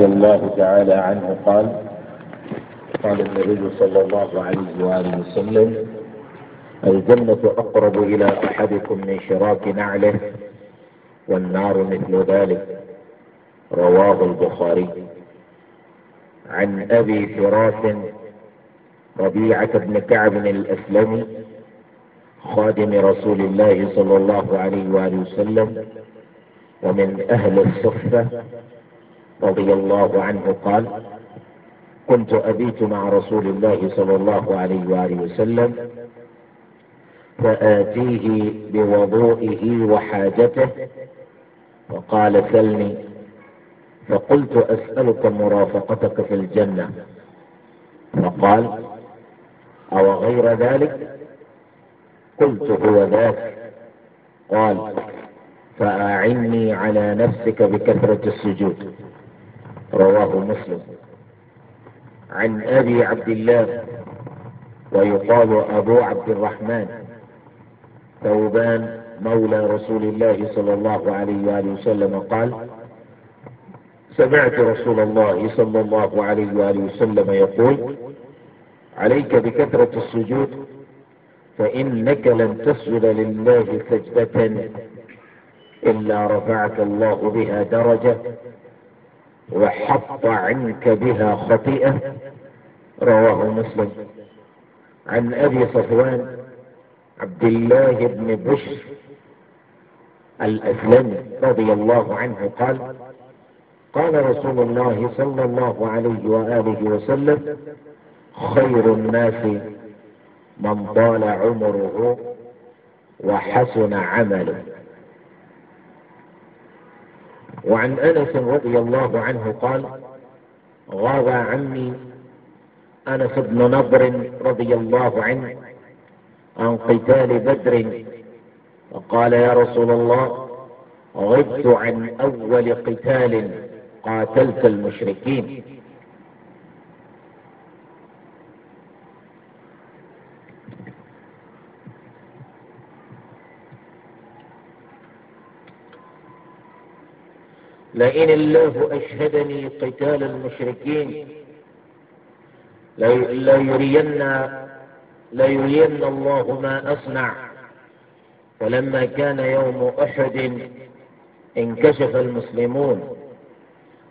رضي الله تعالى عنه قال قال النبي صلى الله عليه وآله وسلم الجنة أقرب إلى أحدكم من شراك نعله والنار مثل ذلك رواه البخاري عن أبي فراس ربيعة بن كعب الأسلمي خادم رسول الله صلى الله عليه وآله وسلم ومن أهل الصفة رضي الله عنه قال كنت أبيت مع رسول الله صلى الله عليه وآله وسلم فآتيه بوضوئه وحاجته وقال سلني فقلت أسألك مرافقتك في الجنة فقال أو غير ذلك قلت هو ذاك قال فأعني على نفسك بكثرة السجود رواه مسلم عن ابي عبد الله ويقال ابو عبد الرحمن ثوبان مولى رسول الله صلى الله عليه واله وسلم قال سمعت رسول الله صلى الله عليه واله وسلم يقول عليك بكثره السجود فانك لن تسجد لله سجده الا رفعك الله بها درجه وحط عنك بها خطيئة رواه مسلم عن ابي صفوان عبد الله بن بشر الاسلمي رضي الله عنه قال قال رسول الله صلى الله عليه واله وسلم خير الناس من طال عمره وحسن عمله وعن انس رضي الله عنه قال غاب عني انس بن نضر رضي الله عنه عن قتال بدر فقال يا رسول الله غبت عن اول قتال قاتلت المشركين لئن الله أشهدني قتال المشركين لا لا يرينا الله ما أصنع فلما كان يوم أحد انكشف المسلمون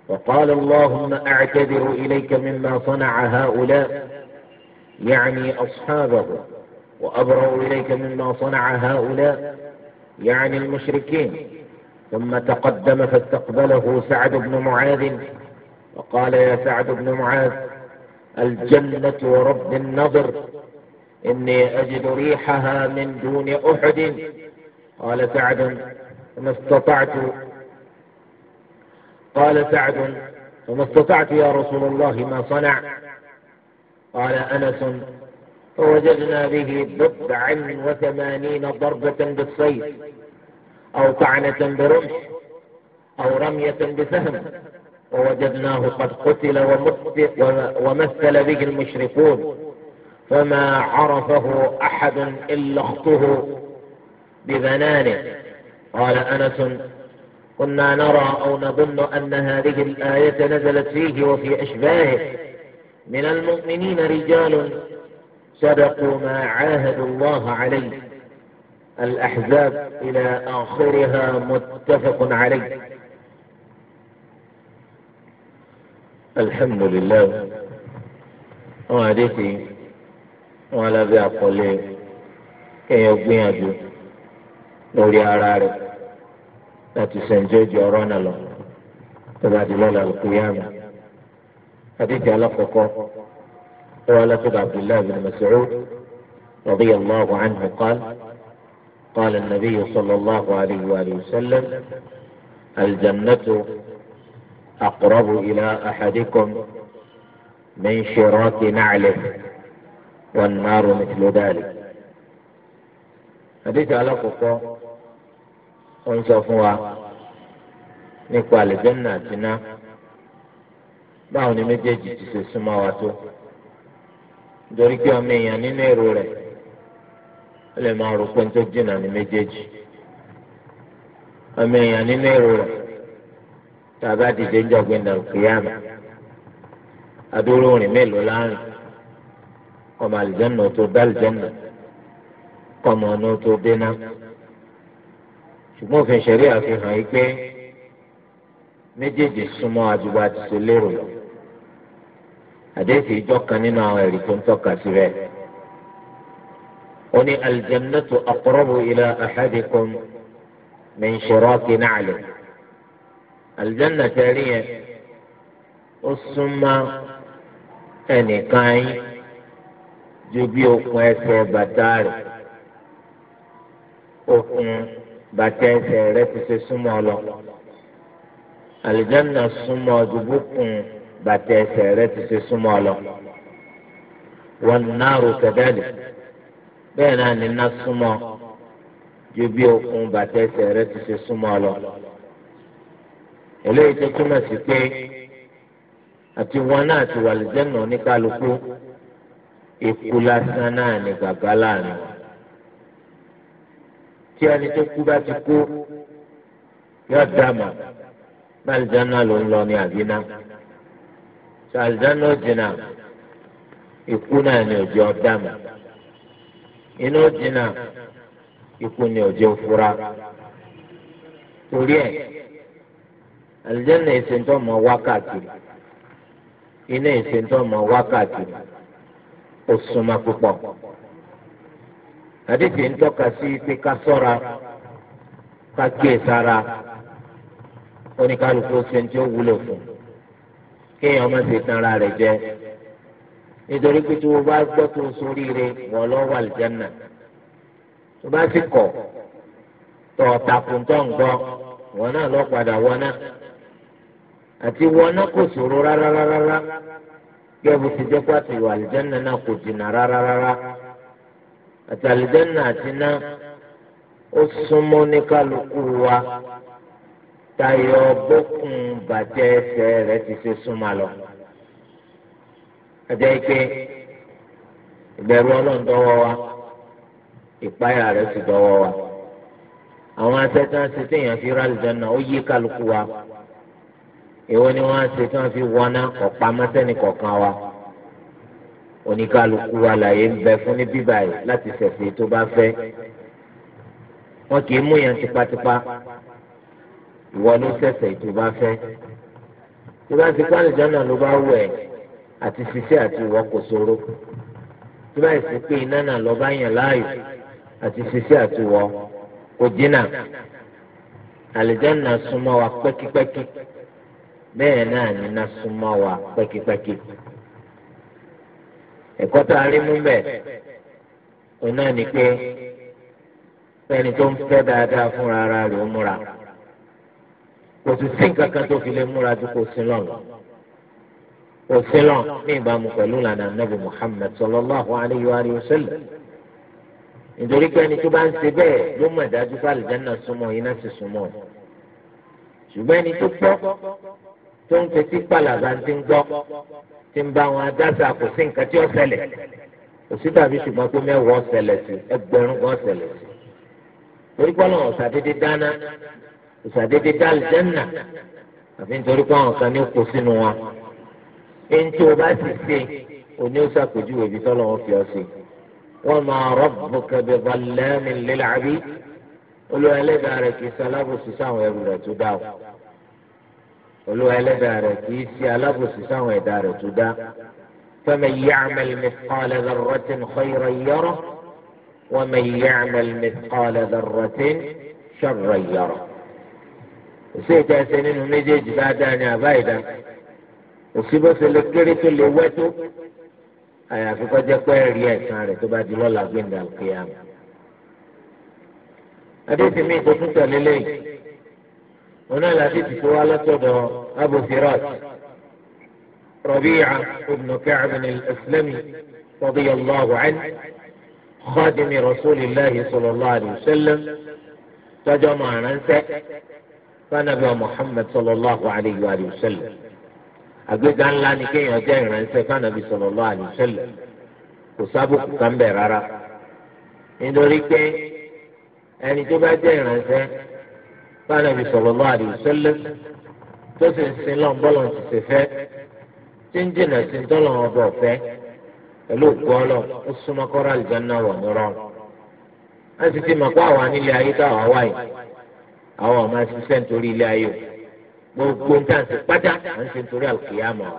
وقال اللهم أعتذر إليك مما صنع هؤلاء يعني أصحابه وأبرأ إليك مما صنع هؤلاء يعني المشركين ثم تقدم فاستقبله سعد بن معاذ وقال يا سعد بن معاذ الجنة ورب النظر إني أجد ريحها من دون أحد قال سعد ما استطعت قال سعد فما استطعت يا رسول الله ما صنع قال أنس فوجدنا به بضعا وثمانين ضربة بالصيف أو طعنة برمح أو رمية بسهم ووجدناه قد قتل ومثل به المشركون فما عرفه أحد إلا اخته ببنانه قال أنس كنا نرى أو نظن أن هذه الآية نزلت فيه وفي أشباهه من المؤمنين رجال صدقوا ما عاهدوا الله عليه الأحزاب إلى آخرها متفق عليه الحمد لله وعديتي وعلى ذي أقولي كي يبني أجو نوري أراري لا تسنجي جورونا له تبعد لولا القيامة حديث على فقه وعلى عبد الله بن مسعود رضي الله عنه قال قال النبي صلى الله عليه وآله وسلم الجنة أقرب إلى أحدكم من شراك نعله والنار مثل ذلك حديث على قصة أنسى فوا نقوى الجنة جنة báwo ni méjèèjì ti ṣe súnmọ́ wa tó nítorí kí ọmọ èèyàn nínú èrò rẹ̀ ó lè máa rò pé tó jìnnà ní méjèèjì ọmọ èèyàn nínú èrò rẹ̀ tàbí náà mélòó láàrin ọmọ àlìjẹ́nà tó dá àlìjẹ́nà kọmọ ọ̀nà tó dénà ṣùgbọ́n òfin ṣẹ̀rí àfihàn yìí pé méjèèjì súnmọ́ àdúgbò àti oní aljannatu aqrabu ila ahadikum min shiraki na'li aljanna tẹ̀lé yẹn ó súnmọ́ ẹnìkan yín ju bí okùn ẹsẹ̀ bàtà rẹ̀ okùn bàtà ẹsẹ̀ rẹ̀ ti ṣe súnmọ́ lọ aljanna súnmọ́ ju bókùn bàtà ẹsẹ̀ rẹ̀ ti ṣe súnmọ́ lọ wan naru kadhalik bẹ́ẹ̀ náà ní ná súnmọ́ ju bí okùn bàtà ẹsẹ̀ rẹ ti ṣe súnmọ́ lọ. eléyìí tó túmọ̀ sí pé àti wọn náà ti wà lẹ́jẹ̀nà oníkálukú ikú lásán náà ní gàgá láàrin wọn. tí ẹni tó kú bá ti kú yóò dààmú bá àlìjáná ló ń lọ ní àbínà. sọ àlìjáná ó jìnnà ikú náà ní òjò ọ̀dàmù. inú jìnnà ikú ni ò jẹ́ òfura torí ẹ̀ àlùjànnà ìsèǹtọ́ mọ wákàtí iná ìsèǹtọ́ mọ wákàtí ó púpọ̀ àdìsí ń tọ́ka sí pé ká sọ́ra ká kíyè sára oníkálukú ṣe ń tí ó wúlò fún kéèyàn má ṣe ara rẹ̀ jẹ nítorí pé tí o bá gbọ́ tó o sórí rẹ wọ́n lọ́ wà lìjánà tó bá sì kọ̀ tọ̀ tàkùntọ̀ ń gbọ́ wọn náà lọ padà wọn náà àti wọn náà kò ṣòro rárá rárá rárá gẹ́gẹ́ bó ti jẹ́ àti ìwà àlìjánà náà kò jìnnà rárá rárá àti àlìjánà àti náà ó súnmọ́ ní kálukú wa tayọ bókun bàjẹ́ ẹsẹ̀ rẹ ti ṣe súnmọ́ lọ ọjọ́ ike ìbẹ̀rù ọlọ́run dọ́wọ́ wa ìpáyà rẹ̀ sì dọ́wọ́ wa àwọn asẹ́tàn ṣe téèyàn fi rà lùdánù ó yí kálukú wa èwo ni wọ́n á ṣe tí wọ́n fi wọná ọ̀pá mọ́sẹ́nì kọ̀ọ̀kan wa oníkálukú wa làyè ń bẹ fún ní bíbà yìí láti ṣẹ̀ṣẹ̀ tó bá fẹ́ wọn kì í mú yàn tipátipá ìwọ ló ṣẹ̀ṣẹ̀ tó bá fẹ́ tó bá ti pálí jọ́nà ló bá wù ẹ́ àti ṣiṣẹ́ àti ìwọ kò ṣòro tí báyìí sí pé iná náà lọ bá yàn láàyò àti ṣiṣẹ́ àti ìwọ kò dínà àlìjáná súnmọ́ wa pẹ́kípẹ́kí bẹ́ẹ̀ náà níná súnmọ́ wa pẹ́kípẹ́kí ẹ̀kọ́ tá a rí mú bẹ́ẹ̀ òun náà ni pé ẹni tó ń fẹ́ dáadáa fúnra rẹ̀ ó múra kò sì sí nǹkan kan tó fi lè múra ju sí lọ́nà òfin lọ ní ìbámu pẹ̀lú ìlànà nàbì Muhammad sallallahu alayhi wa sallam nítorí pé ẹni tó bá ń ṣe bẹ́ẹ̀ ló mọ̀ dájú pé àlùjáná súnmọ́ iná sì súnmọ́ ṣùgbọ́n ẹni tó gbọ́ tó ń fetí pàlàbà ti ń gbọ́ ti ń bá wọn adáṣà kò sí nǹkan tí ó ṣẹlẹ̀ kò sí tàbí ṣùgbọ́n pé mẹ́wọ́ ṣẹlẹ̀ sí ẹgbẹ̀rún kan ṣẹlẹ̀ sí torí pé ọlọ́run ọ̀sàdédé dáná ọ̀sàdédé dá àlùjáná àfi nítorí pé àwọn kan ní kó sínú wọn ẹni tí o bá sì ṣe òní ó ṣàpèjúwe ibi tọ́lọ̀ wọn fi ọ sí. wọ́n máa rọ́bù kẹbẹ́ balẹ̀mí lẹ́làbí olúwa ẹlẹ́dàá rẹ̀ kì í ṣe alábòsí sáwọn ẹrù rẹ̀ tó dá o. olúwa ẹlẹ́dàá rẹ̀ kì í ṣe alábòsí sáwọn ẹ̀dá rẹ̀ tó dá. فمن يعمل مثقال ذرة خيرا يره ومن يعمل مثقال ذرة شرا يره. وسيت أسنين ومجيج بعد òsì bó ṣe lè kéré tó lè wẹ́ tó àyàfi kọjá pé ẹ̀rí ẹ̀sán rẹ̀ tó bá di lọ́la gbẹ̀ndà kéèyàn. adéṣe mi tó tẹ̀lé lẹ́yìn wọn náà láti ti fowó alátọ̀dọ̀ abu firat ربيعة ابن كعب الأسلمي رضي الله عنه خادم رسول الله صلى الله عليه وسلم تجمع ننسى محمد صلى الله عليه وسلم àgbéga ńlá ni kéèyàn jẹ́ ìránṣẹ́ kánàbí sallallahu alaihi wasallam kò sábùkù kan bẹ̀ rárá nítorí pé ẹni tó bá jẹ́ ìránṣẹ́ kánàbí sallallahu alaihi wasallam tó sì ń sin lọ́n bọ́lọ̀ ti ṣe fẹ́ tí ń jìnà sí tọ́lọ̀ ọbọ̀ ọ̀fẹ́ pẹ̀lú òkú ọlọ́ ó súnmọ́ kọ́ra àlùjáná wọ̀ nírọ̀ láti ti mọ̀ pé àwa nílé ayé táwa wáyé àwọn ọmọ gbogbo nǹkan ṣe pátá à ń ṣe nítorí àlùkìyàmọ̀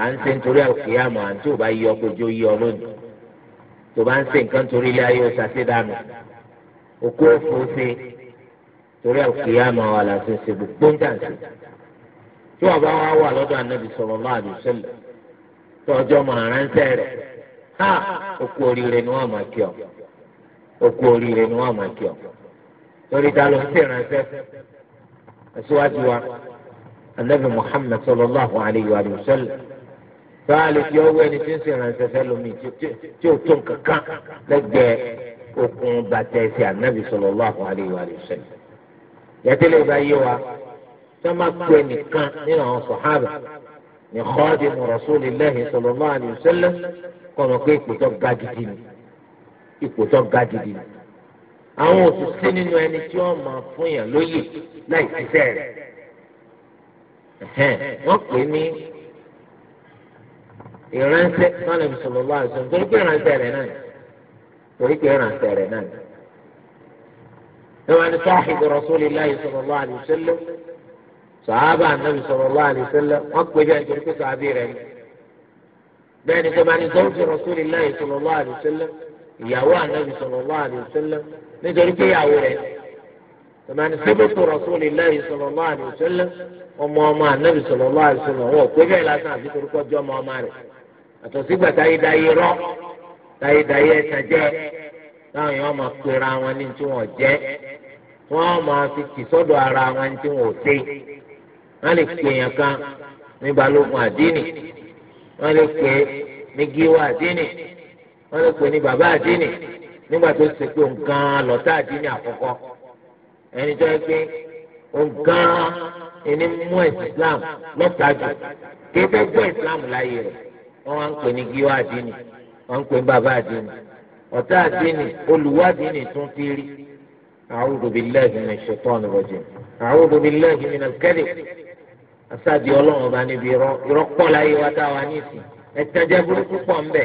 à ń ṣe nítorí àlùkìyàmọ̀ à ń tí ò bá yí ọ kojú yí ọ lónìí tó bá ń ṣe nǹkan torí ilé ayé ó ṣàṣe dànù òkú òfò ṣe torí àlùkìyàmọ̀ wà láti ṣe gbogbo nǹkan ṣe tí wọn bá wà lọ́dọ̀ ànábì sallallahu alaihi wasallam tó ọjọ́ mọ àránṣẹ́ rẹ̀ ha òkú oríire ni wọn máa kí ọ òkú oríire ni wọn máa kí ọ torí ta ló ń ṣèrànṣẹ́ aṣíwájú wa anabi muhammed sallallahu alayhi wa sallam báàlì tí ọwọ́ ẹni tí ń sìn ránṣẹ́ sẹ́lómi tí ó tó nǹkankan lẹ́gbẹ̀ẹ́ okùn bàtà ẹsẹ̀ anabi sallallahu alayhi wa sallam yàtẹ̀lẹ̀ bá yé wa sọ́mà pé nìkan nínú àwọn sọ̀hábà ní khadimu rasulillahi sallallahu alayhi wa sallam kọ́mọ pé ipò tó ga gidi ni ipò tó ga gidi ni. àwọn òṣìṣẹ́ nínú ẹni tí wọ́n máa fún yàn lóyè láì ṣiṣẹ́ rẹ̀ wọ́n pè ní ìránṣẹ́ sọ́nà ìṣòro wà sọ́nà torí pé ìránṣẹ́ rẹ̀ náà torí pé ìránṣẹ́ rẹ̀ náà ìwà ni sáàhìbì rọ̀sọ́lì láì sọ̀rọ̀ lọ́wọ́ àdìsẹ́lẹ̀ sàábà nàbì sọ̀rọ̀ lọ́wọ́ àdìsẹ́lẹ̀ wọ́n pè bẹ́ẹ̀ torí pé sàábì rẹ̀ ni bẹ́ẹ̀ ni sọ́nà ìṣòro rọ̀sọ́lì láì sọ̀rọ̀ lọ́wọ́ àdìsẹ́lẹ̀ ìyàwó ànàbì sọ̀rọ̀ lọ́wọ́ àdìsẹ́lẹ̀ nítorí pé ìyàwó rẹ̀ tòmánì síbùtù Rasulillahi sallallahu alaihi wasallam ọmọ ọmọ ànábì sallallahu alaihi wasallam wọn ò bẹ́ẹ̀ lásán àti torúkọ jọ ọmọ ọmọ rẹ̀ àtọ̀sígbà táyédáyé rọ́ táyédáyé ẹ̀sán jẹ́ táwọn èèyàn máa pera wọn ní tí wọ́n jẹ́ wọ́n máa fi sọ́dọ̀ ara wọn ní tí wọ́n ò wọ́n lè pè kan ní balógun àdínì wọ́n lè pè ní àdínì nígbà tó ṣe pé nǹkan lọ́tà àdínní àkọ́kọ́ ẹni tó yẹ pé nǹkan ẹni mú islam lọ́tà jù kí fẹ́ gbọ́ islam láàyè rẹ̀ wọ́n wá ń pè ní gíwá àdínní wọ́n ń pè ní bàbá àdínní ọ̀tá àdínní olùwádìíní tún ti rí a'udhu billahi minash shaitani rajim a'udhu billahi minal kadhib asáàdì ọlọ́run ọba níbi irọ́ láyé wa táwa ní ìsìn ẹ̀tẹ́jẹ́ burúkú pọ̀ ń bẹ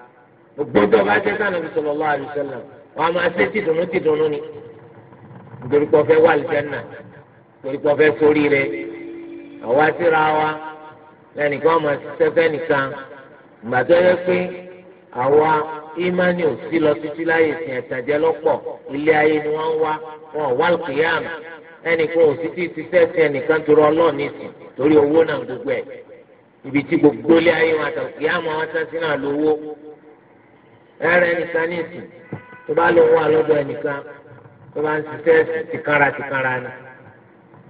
gbogbo tó bá tẹ sànà bisọ lọlọ àdìsọlọ wọn máa ṣe tìdùnnú ni nítorí pé ọfẹ wà lìjẹnà nítorí pé ọfẹ sórí rẹ àwa síra wa ma máa ṣiṣẹ́ fẹ nìkan gbàtọ yẹ pé àwa ìmánì ò sí lọ títí ilé ayé ni wọ́n wá wọn ò wá lùkìyàmù ẹnìkan ò sí n'isi. ṣiṣẹ́ sí na torí gbogbo ibi tí gbogbo ilé ayé wọn àwọn ẹrẹ ẹnìkan ní ìsìn tó bá lọ wà lọ́dọ̀ ẹnìkan tó bá ń ṣiṣẹ́ tìkanra tìkanra ni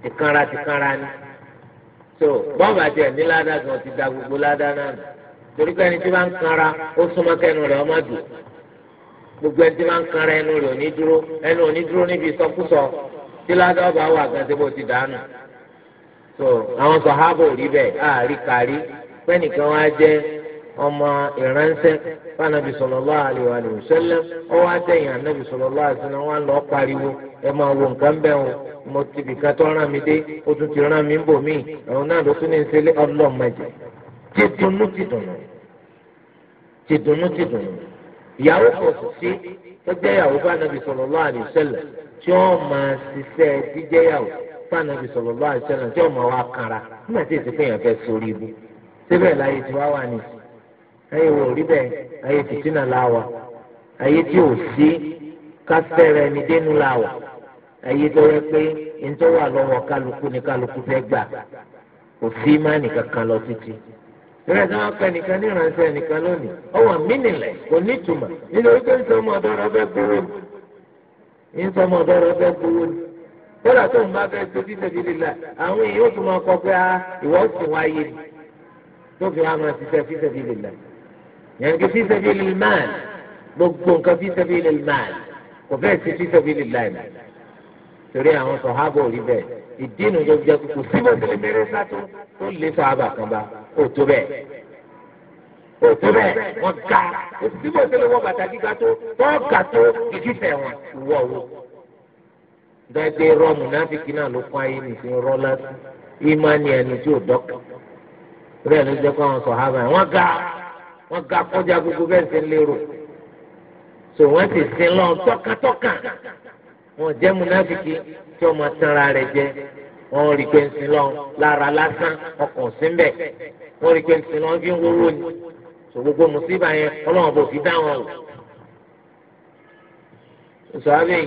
tìkanra tìkanra ni so bọ́ọ̀bù àti ẹ̀mí ládàá gan ti da gbogbo ládàá náà torí pé ẹni tí ń kanra ó súnmọ́ kẹ́nu rẹ̀ ọmọ dùn gbogbo ẹni tí wọ́n ń kanra ẹnu rẹ̀ òní ẹnu ọba wà gan bó ti dànù so àwọn sọ̀hábò rí bẹ́ẹ̀ àárí kárí wá jẹ́ ọmọ ìránṣẹ́ fanabi sallallahu alaihi wa ọ ọwọ́ àtẹ̀yìn anabi sallallahu alaihi wa wọn lọ pariwo ẹ máa wo nǹkan bẹ́ẹ̀ o mo ti bìkan tó rán mi dé ó tún ti rán mi bò mí náà ló tún ní ọlọ́mọdé ìyàwó kò sì sí ìyàwó fanabi tí wọ́n máa ṣiṣẹ́ ayé wò rí bẹ́ẹ̀ ayé la wa ayé tí o sí kásẹ̀rẹ̀ ní dénú la wà ayé tó yẹ pé ntọ́ wà lọ́wọ́ kálukú ni kálukú fẹ́ gbà kò sí mánì kankan lọ títí. ìrẹsì náà pẹ́ nìkan ní ìránṣẹ́ nìkan lónìí ọwọ́ mínìlẹ̀ kò ní ìtumọ̀ nítorí pé nsọ ọmọ ọ̀dọ́rọ̀ gbowó ni nsọ ọmọ ọ̀dọ́rọ̀ gbowó ni. kódà tó ń bá fẹ́ tóbi àwọn èèyàn máa kọ pé ah, yẹn kí fi sabilil mal gbogbo nǹkan fi sabilil mal kò fẹ́ẹ̀ sí fi sabilillahi mọ́ torí àwọn sọ̀hábà rí bẹ́ẹ̀ ìdí nu tó jẹ́ kókó síbò tó lè mẹ́rin sátó tó lè sọ̀hábà kan bá kò tó bẹ́ẹ̀ kò tó bẹ́ẹ̀ wọ́n ga kò síbò tó lè wọ́n bàtà gíga tó tó ga tó ìdífẹ̀ wọn wọ̀ wò. gbẹgbẹ rọmù náfìkì náà ló kọ́ ayé nìsí rọ́lá ìmánì ẹni tí ò dọ́kà wọ́n ga kọjá gbogbo bẹ́ẹ̀ ṣe lérò so wọ́n sì sin lọ tọkàntọkàn wọ́n jẹ́ múnáfíkì tí ọmọ tanra rẹ̀ jẹ wọ́n rí pé ń sin lọ lára lásán ọkàn síbẹ̀ wọ́n rí pé ń sin lọ bí ń wúrò ni so gbogbo mùsíbà yẹn Ọlọ́run bò fi dá wọn o nsọ́ọ́bì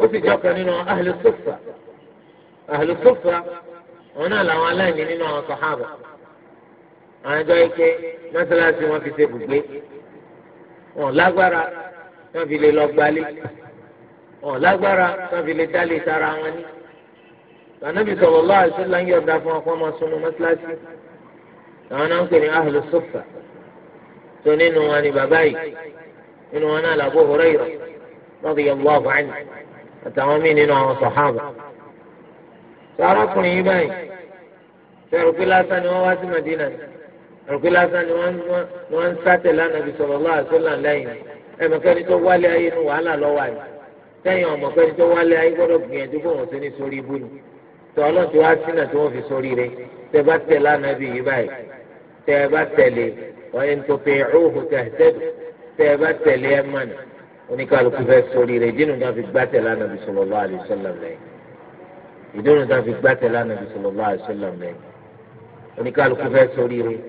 ó sì jọ́kọ̀ nínú ahlùsọ́fà ahlùsọ́fà wọn náà làwọn aláìní nínú àwọn sọ̀hábà àwọn ẹjọ́ yìí pé mọ́sálásí wọn fi ṣe bùgbé wọn lágbára wọn fi lè lọ gbalé wọn lágbára wọn fi lè dálé tara wọn ní. Ànábì sallallahu alaihi wasallam ń yọ̀ǹda fún ọkọ ọmọ sunu mọ́sálásí àwọn náà ń pè ní ahlu suffa tó nínú wọn ni bàbá yìí nínú wọn náà l'Abu Hurairah radiyallahu anhu àtàwọn míì nínú àwọn sàhábà. sọ arákùnrin yìí báyìí sọ̀rọ̀ pé lásán ni wọ́n wá sí Madina òkè lásán ni wọ́n ń sátẹ̀ lánàá bí sọ̀rọ̀ lọ́wọ́ àṣọlá lẹ́yìn ẹ̀mọ̀kẹ́ni tó wálé ayé nu wàhálà lọ́wọ́ àyè sẹ́yìn ọ̀mọ̀kẹ́ni tó wálé ayé gbọ́dọ̀ gbìyànjú kó wọ́n sí ní sórí ibú ni tọ́ ọlọ́run ti wá sínà tí wọ́n fi sórí rẹ̀ tẹ́ bá tẹ̀ lánàá bí yìí báyìí tẹ́ bá tẹ̀lé wọ́n yẹn tó pé ọ̀hún tẹ̀sẹ̀dù tẹ́ bá tẹ̀lé ẹ̀ mọ̀nà oníkàlùkù fẹ́ sórí rẹ̀ ìdí nu fi gbá tẹ̀ lánàá bí sọ̀rọ̀ lọ́wọ́ àdìsọ́lọ̀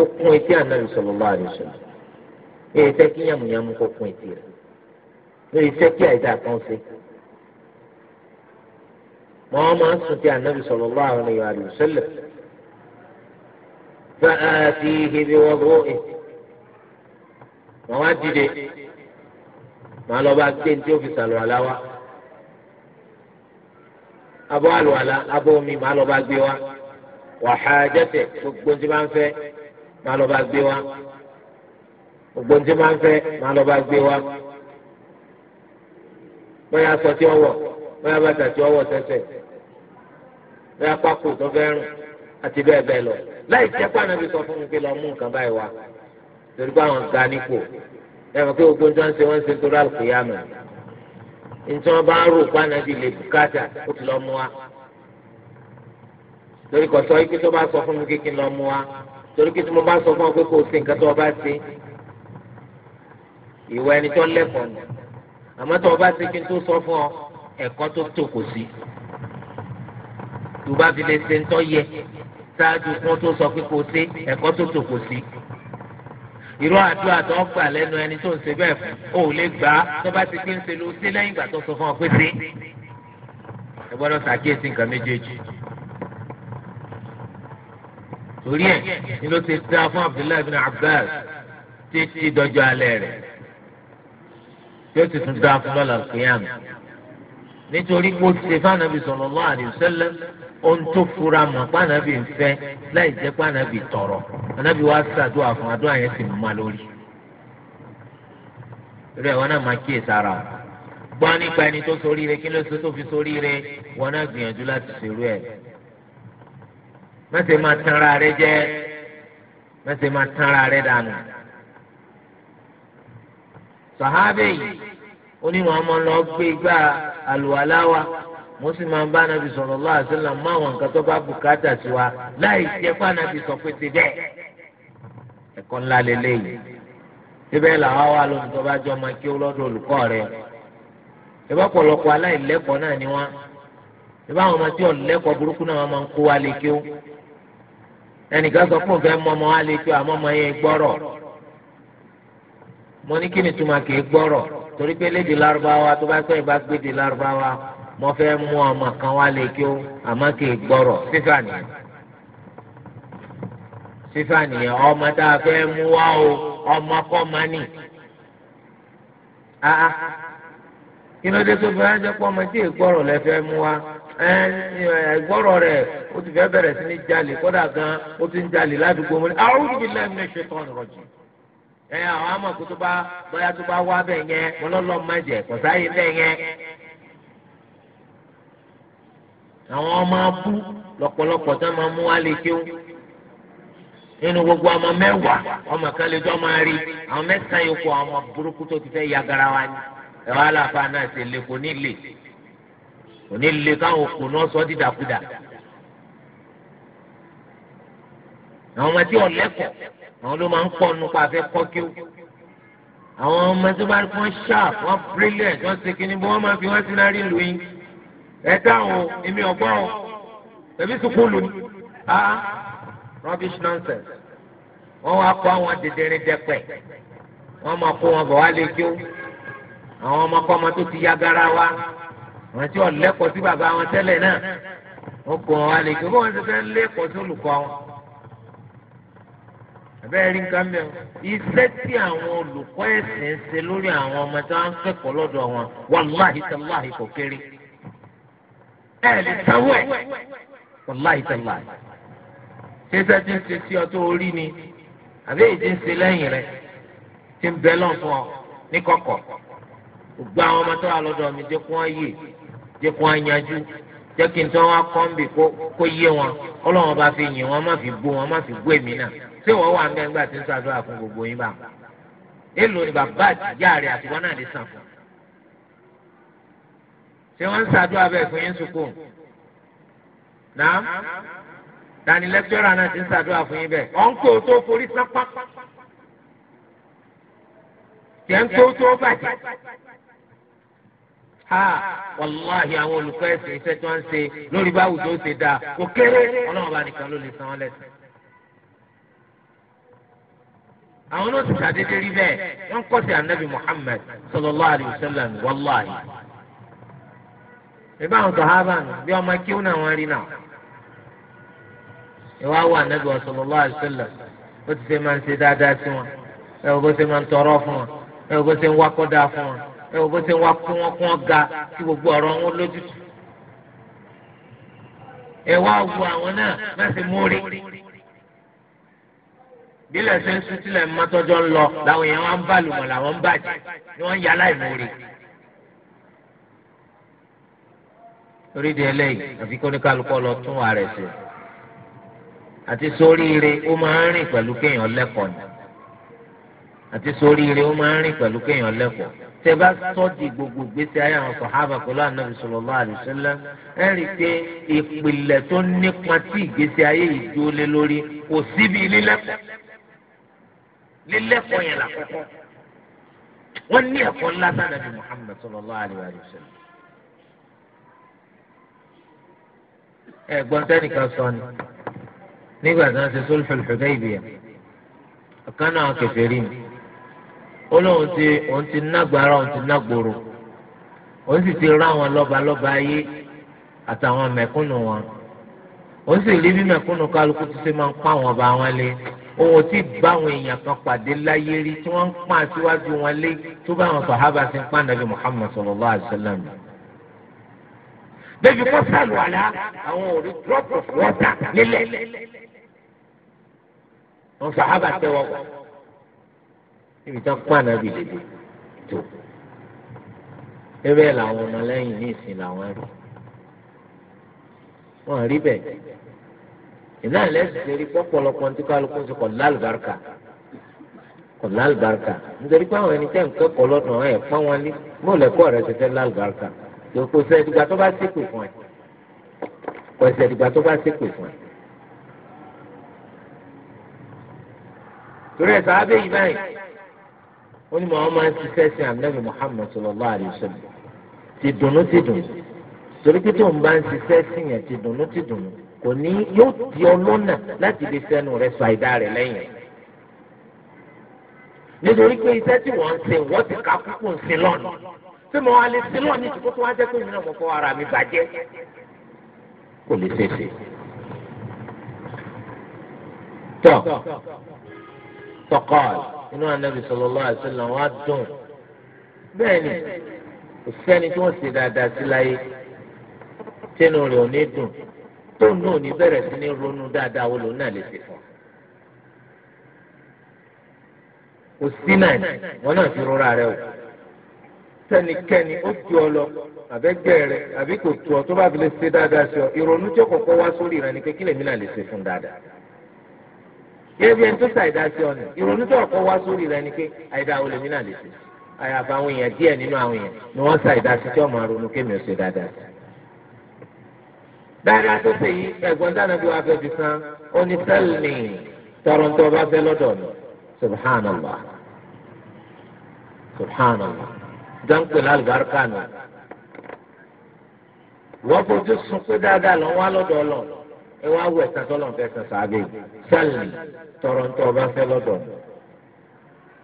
kó kún etí ànábì sallallahu alaihi wasallam ẹ ẹ fẹ́ kí yàmùyàmù kó kún etí rẹ̀ lórí iṣẹ́ kí àìdá kan ṣe wọ́n máa ń sùn tí ànábì sallallahu alaihi wasallam bá a ti hebi wọ́n bó e wọ́n wá dìde màá lọ bá gbé ní tí ó fi sàlọ̀ àláwá abọ́ àlọ́ àlá abọ́ omi màá lọ bá gbé wá wàhálà jẹ́tẹ̀ gbogbo tí wọ́n fẹ́ máa lọ bá gbé wa gbogbo ní tí máa ń fẹ́ máa lọ bá gbé wa bóyá aṣọ tí ó wọ̀ bóyá bàtà tí ó wọ̀ sẹ́sẹ̀ bóyá pákó tó fẹ́ rùn àti bẹ́ẹ̀ bẹ́ẹ̀ lọ láì jẹ́ pàánà bí sọ fún mi pé lọ mú nǹkan báyìí wá torí pé àwọn ga nípò ẹ̀rọ pé gbogbo nǹkan ṣe wọ́n ṣe torí àlùkìyàmù nǹkan bá ń rò pàánà bí lè bùkátà ó ti lọ mú wa lórí kọ̀tọ́ ikú tó bá sọ fún mi kékin lọ mú wa torí kí tí mo bá sọ fún ọ pé kò sí nǹkan tó o bá ṣe ìwà ẹni tó lẹ́kọ̀ọ́ ni àmọ́ tó o bá ṣe kí n tó sọ fún ọ ẹ̀kọ́ tó tó kò sí tó o bá fi lè ṣe ń tọ́ yẹ ṣáájú fún tó sọ pé kò sí ẹ̀kọ́ tó tó kò sí irú àdúrà tó ń gbà lẹ́nu ẹni tó ń ṣe bẹ́ẹ̀ fún ò lè gbà á tó bá ti pín ṣe ló sí lẹ́yìn ìgbà tó sọ fún ọ pé sí ẹ gbọ́dọ̀ ṣàkíyèsí nǹkan méjèèjì torí ẹ̀ ni ló ti dá fún Abdullahi bin Abbas títí dọjọ́ alẹ́ rẹ̀ yóò ti tún dá fún lọ́la kìíyàmù nítorí kó ṣe fáànàbì sallallahu alaihi wasallam ohun tó fura mọ̀ fáànàbì ń fẹ́ láì jẹ́ fáànàbì tọrọ fáànàbì wá ṣàdúrà fún àdúrà yẹn sì má lórí rẹ wọn náà máa kíyè sára gbọ́ nípa ẹni tó ṣoríire kí ló ṣe tó fi ṣoríire wọn náà gbìyànjú láti ṣerú ẹ̀ mẹsẹ máa tanra rẹ jẹ mẹsẹ máa tanra rẹ dànù sàhábẹ yìí onímọ̀ ọmọ lọ gbé igbá àlùwàláwa mo sì máa bá anabi sọ̀rọ̀ lọ́wọ́ àṣìlá mọ́ àwọn nǹkan tó bá bùkátà sí wa láì jẹ́ pé anabi sọ pé ti bẹ́ẹ̀ ẹ̀kọ́ ńlá lélẹ́yìí síbẹ̀ làwọn wà lónìí tó bá jọ máa kí ó lọ́dọ̀ olùkọ́ rẹ̀ ìbọ̀pọ̀lọpọ̀ aláìlẹ́kọ̀ọ́ náà ni wọ́n ìbá àwọn ọmọ tí ọ̀lẹ́kọ̀ọ́ burúkú náà máa ń kó wa lè kíó ẹnìkan sọ fún òfin mọ́mọ́ wa lè kíó àmọ́ ọmọ yẹn gbọ́rọ̀ mo ní kí ni túmọ̀ kì í gbọ́rọ̀ torí pé lédè lárúbáwá tó bá pẹ́ ìbá gbédè lárúbáwá mo fẹ́ mú ọmọ kan wa lè kíó àmọ́ kì í gbọ́rọ̀ fífà nìyẹn fífà nìyẹn ọmọ tá a fẹ́ mú wá o ọmọ kọ́ máa nì kí ló dé tó fi ránṣẹ́ pọ́ ọmọ tí ì gbọ́rọ̀ lẹ́fẹ́ mú wá ẹgbọ́rọ̀ rẹ̀ ó ti fẹ́ bẹ̀rẹ̀ sí ní jalè kódà gan ó ti ń jalè ládùúgbò mọ́lẹ̀ a'udhu billahi minash shaitonir rajim. ẹ àwọn àmọ̀ kó tó bá bóyá tó bá wá bẹ̀ yẹn wọn lọ́lọ́ má jẹ kò sáyé bẹ̀ yẹn. àwọn ọmọ abú lọ́pọ̀lọpọ̀ tó máa mú wá lè kéwù nínú gbogbo ọmọ mẹ́wàá ọmọ kan lè jọ máa rí àwọn mẹ́sàn yòókù àwọn burúkú tó ti fẹ́ yagara wa ni ẹ̀rọ aláfa náà ṣe lè kò ní òní lè káwọn òkú náà sọ dídàkudà àwọn ọmọ tí wọn lẹkọọ àwọn ló máa ń pọ nípa afẹ kọkíó àwọn ọmọ tó bá wọn sharp wọn brilliant wọn ṣe kíní bó wọn máa fi wọn sí náà rí lu yín ẹ dáhùn èmi ọgbọ́n o tẹ̀bí sùkúlù ni ah rubbish nonsense wọ́n wá kọ́ àwọn dìndín dẹ́pẹ̀ wọ́n máa kó wọn bọ̀ wá lè kí ó àwọn ọmọkọ́mọ tó ti yá gara wa àwọn tí wọ́n lẹ́kọ̀ọ́ sí bàbá wọn tẹ́lẹ̀ náà wọ́n kọ́ wọn wálé kí wọ́n ti fẹ́ lẹ́kọ̀ọ́ sí olùkọ́ wọn. àbẹ́rẹ́ rí nǹkan mẹ́wọ́ iṣẹ́ tí àwọn olùkọ́ ẹ̀sìn ń ṣe lórí àwọn ọmọ tí wọ́n ń kẹ́kọ̀ọ́ lọ́dọ̀ wọn wàláhì tàláhì kò kéré ẹ̀ lè sanwó ẹ̀ wàláhì tàláhì ṣé sẹ́tí ń ṣe sí ọ orí ni àbí èyí ti ń ṣe lẹ́yìn rẹ̀ ti ń bẹ́ lọ́n fún ọ ní kọ̀kọ̀ gbogbo àwọn ọmọ tó wà lọ́dọ̀ mi jẹ́ kó wọ́n yè jẹ́ kó ayanjú jẹ́ kí n tán wá kọ́ńbì kó yé wọn ọlọ́run bá fi yìn wọn má fi bú wọn má fi bú èmi náà ṣé wọ́n wà ńbẹ́ ńgbà tí ń ṣàdúrà fún gbogbo yín bá wọn. èèlò ni bàbá àtìyá rẹ̀ àti wọn náà lè sàn fún. ṣé wọ́n ń ṣàdúrà bẹ́ẹ̀ fún yín sùkúù? náà tani lẹ́kítọ́rà náà ti ń ṣàdúrà fún yín bẹ́ẹ̀. ọ̀nkò tó forí sápá. kẹ́ńtó tó bàjẹ́ ha wàláhi àwọn olùkọ́ ẹ̀sìn iṣẹ́ tí wọ́n ń ṣe lórí báwo tó ṣe dáa kò kéré ọlọ́run bá nìkan ló lè san wọ́n lẹ́sìn. àwọn náà ti ṣàdédé rí bẹ́ẹ̀ wọ́n kọ́ sí anabi Muhammad sallallahu alayhi wa sallam wàláhi. ìbá àwọn sọ̀hábà nù bí ọmọ kíw náà wọ́n rí náà. ìwà wà anabi wa sallallahu alayhi ó ti ṣe máa ń ṣe dáadáa sí wọn ẹ̀ ò bó ṣe máa ń tọrọ fún wọn ẹ̀ ò bó ṣe ń wákọ́ dáa fún wọn ẹ wò bó ṣe wá kún wọn kún wọn ga kí gbogbo ọ̀rọ̀ wọn lójútù ẹ wá wo àwọn náà má ṣe múrí bílẹ̀ ṣe ń sutilẹ̀ mọ́tọ́jọ́ ń lọ làwọn èèyàn wá ń bàlùmọ̀ làwọn ń bàjẹ́ ni wọ́n ń yà láì múrí. torí di ẹlẹ́yìí àfi kó ní kálukọ́ lọ tún wa rẹ̀ ṣe àti sóríire ó máa ń rìn pẹ̀lú kéèyàn lẹ́kọ̀ọ́ ni àti sóríire ó máa ń rìn pẹ̀lú kéèyàn lẹ́kọ̀ọ́ tẹ bá sọ́ọ̀dì gbogbo gbèsè ayé àwọn sọ̀hábà pẹ̀lú ànábì sallallahu alaihi wasallam ẹ rí i pé ìpìlẹ̀ tó nípa tí ìgbésí ayé yìí dúró lé lórí kò síbi lílẹ́kọ̀ọ́ lílẹ́kọ̀ọ́ yẹn làkọ́kọ́ wọ́n ní ẹ̀kọ́ ńlá sànàbì Muhammad sallallahu alaihi wasallam. ẹ̀gbọ́n tẹ́nìkan sọ ni nígbà tí wọ́n ti sulhul ó lóun ti òun ti nágbára òun ti nágboro òun sì ti rá àwọn lọ́balọ́ba ayé àtàwọn mẹ̀kúnnù wọn ó sì rí bí mẹ̀kúnnù kálukú ti ṣe máa ń pa àwọn ọba wọn lé òun ti bá àwọn èèyàn kan pàdé láyé rí tí wọ́n ń pa síwájú wọn lé tó bá àwọn sàhábà ti ń pa nàbí Muhammad sallallahu alaihi wasallam bébí kó sàlù àlá àwọn òrí drop of water nílẹ̀ wọn sàhábà tẹ́wọ́ kọ́ níbi tá pa ànábì dìde tó bẹ́ẹ̀ làwọn ọmọlẹ́yìn ní ìsìn làwọn rí wọn rí bẹ́ẹ̀ ìnáà lẹ́sìn rí pọ́pọ́lọpọ́ ní kálukú sí kọ̀ lálùbáríkà lálùbáríkà nítorí pé àwọn ẹni tẹ́ ń kẹ́kọ̀ọ́ lọ́dún ọ̀hún ẹ̀ pọ́n wọn lé mọ́ rẹ̀ ṣẹ̀ṣẹ̀ lálùbáríkà kò ṣe ìdìgbà tó bá ṣépè fún ẹ kò ṣe ìdìgbà tó bá ṣépè fún ẹ. torí ẹ̀ sáábẹ́ yìí báyìí ó ní màá máa ń ṣiṣẹ́ sí anabi muhammed sallallahu alayhi wa sallam ti dùnú ti dùnú torí pé tó ń bá ń ṣiṣẹ́ sí yẹn ti dùnú ti dùnú kò ní yóò di ọlọ́nà láti lè fẹ́nu rẹ sọ àìdá rẹ lẹ́yìn nítorí pé iṣẹ́ tí wọ́n ń ṣe wọ́n ti ka kúkú ń sin lọ́nà tí mo wá lè sin lọ́nà ìdìbò tó wá jẹ́ pé mi mo fọ ara mi bàjẹ́ kò lè ṣèṣe. tọ́ tọ́kọ́ọ̀lù inú anabi sallallahu alaihi wasallam wọn á dùn bẹ́ẹ̀ ni kò sẹ́ni tí wọ́n ṣe dáadáa sí láyé tẹnu rẹ̀ ò ní dùn tóun náà ní bẹ̀rẹ̀ sí ní ronú dáadáa wo lòun náà lè ṣe fún un kò sí náà wọn náà fi rọra rẹ o sẹ́nikẹ́ni ó tu ọ lọ àbẹ́gbẹ́ rẹ àbí kò tu ọ tó bá fi lè ṣe dáadáa sí ọ ìrònú tí ó kọ́kọ́ wá sórí rẹ ni pé kí náà lè ṣe fún dáadáa gẹ́gẹ́ ẹni tó ṣàìdá sí ọ̀nà ìrònú tó ọ̀kọ́ wá sórí rẹ ni pé àìdá olè mí náà lè ṣe àyàfà àwọn èèyàn díẹ̀ nínú àwọn èèyàn ni wọ́n ṣàìdá sí tí ọmọ ronú kémi ọ̀sẹ̀ dáadáa sí. dáadáa tó ṣe yí ẹ̀gbọ́n dáná bí wàá fẹ́ fi san ó ní sẹ́lìmì tọrọntọ bá fẹ́ lọ́dọ̀ mi subhanallah subhanallah dáńpé lálùbáríkà nù wọ́n fojú sun pé dáadáa lọ́wọ́ lọ́dọ̀ ọlọ́run ẹ wá wẹ̀ sàn tọ́lọ̀ ń fẹ́ sàn sàábé sálì tọrọ ń tọ́ ọba fẹ́ lọ́dọ̀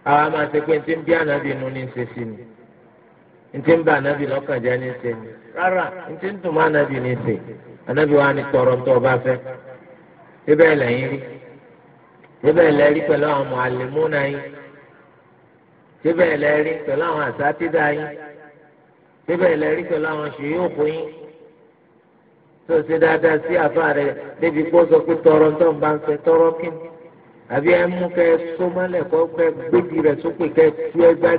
àwa máa ṣe pé ntí ń bí ànábì inú ní ṣe sí ni ntí ń bá ànábì lọ́kàn jẹ́ ní ṣe ni rárá ntí ń dùn mọ́ ànábì ní ṣe ànábì wa ni tọrọ ń tọ́ ọba fẹ́ ibẹ̀ lẹ́yìn rí ibẹ̀ lẹ́rí pẹ̀lú àwọn ọmọ àlèmúnà yín ibẹ̀ lẹ́rí pẹ̀lú àwọn àsátìdá yín ibẹ̀ lẹ́rí pẹ̀lú àwọn ṣèyí òkú yín tó ṣe dáadáa sí àfa rẹ débi kó sọ pé tọrọ tó ń bá ń fẹ tọrọ kí ni àbí ẹ mú kẹ sómọlẹ kọ kẹ gbèdì rẹ sókè kẹ tú ẹ gbá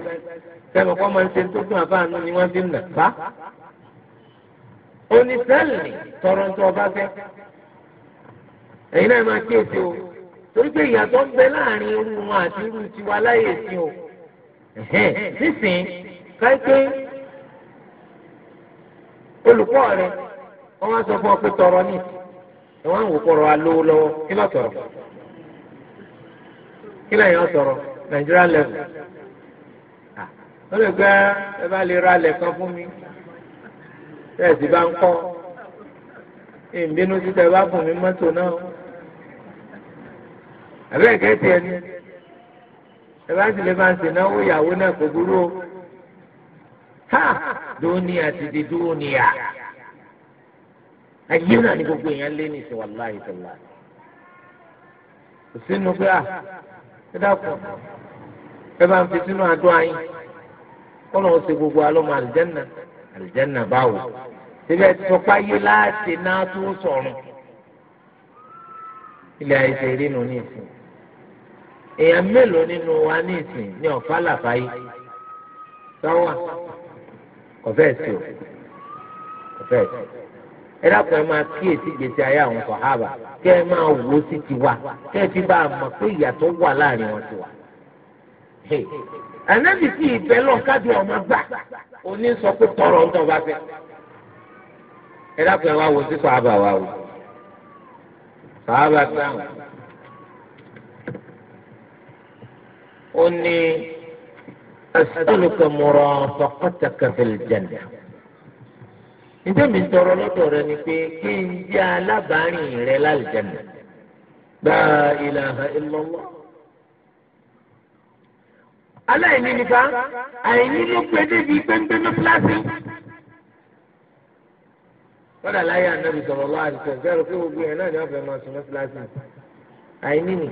sí kọ máa ń ṣe tó dùn àfa ni wọn fi ń nà bá onísẹ́ẹ̀lì tọrọ tó ọba fẹ́ ẹ̀yin náà máa kíyèsí o torí pé ìyàtọ̀ ń bẹ láàrin irú wọn àti irú tiwa láyè sí o nísìnyí káyipé olùkọ́ rẹ wọ́n wá sọ fún ọ pé tọrọ ní ẹ̀ wọ́n á wò pọ̀rọ̀ alówó lọ́wọ́ kí ló tọrọ kí lẹ́yìn ọ̀tọ̀rọ̀ nàìjíríà level wọ́n lè gbẹ́ ẹ bá lè ra alẹ̀ kan fún mi bẹ́ẹ̀ sì bá ń kọ́ ìbínú títẹ̀ bá fún mi mọ́tò náà àbẹ́ ìkẹ́tì ẹni ẹ bá sì lè máa ṣe náwó ìyàwó náà kò burú o ha dóníyà ti di dóníyà ayé náà ni gbogbo èèyàn lé ní ìsìn wàláhì tọ́lá kò sínú pé à ah, ẹ dákun ẹ bá ń fi sínú àdó ayín kọ́nà ó ṣe gbogbo alọ́mọ àlìjẹ́nà àlìjẹ́nà báwo síbẹ̀ tọpáyé láti náà tó sọ̀rùn ilé ayé ṣe rí nu ní ìsìn èèyàn mélòó nínú wa ní ìsìn ní ọ̀fà làfáyé sọ́wọ́ ọ̀fẹ́ ẹ̀sìn ọ̀fẹ́ ẹ̀sìn ẹ dákun ẹ máa kíyèsí gbèsè ayé àwọn sọ̀hábà kẹ́ ẹ máa wò ó sí tiwa kẹ́ ẹ fi bá a mọ̀ pé ìyàtọ̀ wà láàrin wọn tiwa. ànábì sí ìbẹ́ lọ́n kájú ọmọ gbà òní sọ pé tọrọ ń tọ́ba fẹ́. ẹ ẹ wá wo sí sọ̀hábà wa o sọ̀hábà sáwọn. ó ní as'aluka murafaqataka fil jannah njẹ́ mi tọrọ lọ́dọ̀ rẹ ni pé kí n jẹ́ alábàárìn rẹ lálùjẹ́nà la ilaha illallah. aláìní nípa àìní ló pé débi pẹ́ńpẹ́ńpẹ́ fúláṣí. kọ́dà láyé ànábì sọ̀rọ̀ lọ́wọ́ àdìsọ̀ ìfẹ́rù pé gbogbo ẹ̀ náà ni wọ́n fẹ́ máa sùn ní fúláṣí. àìní ni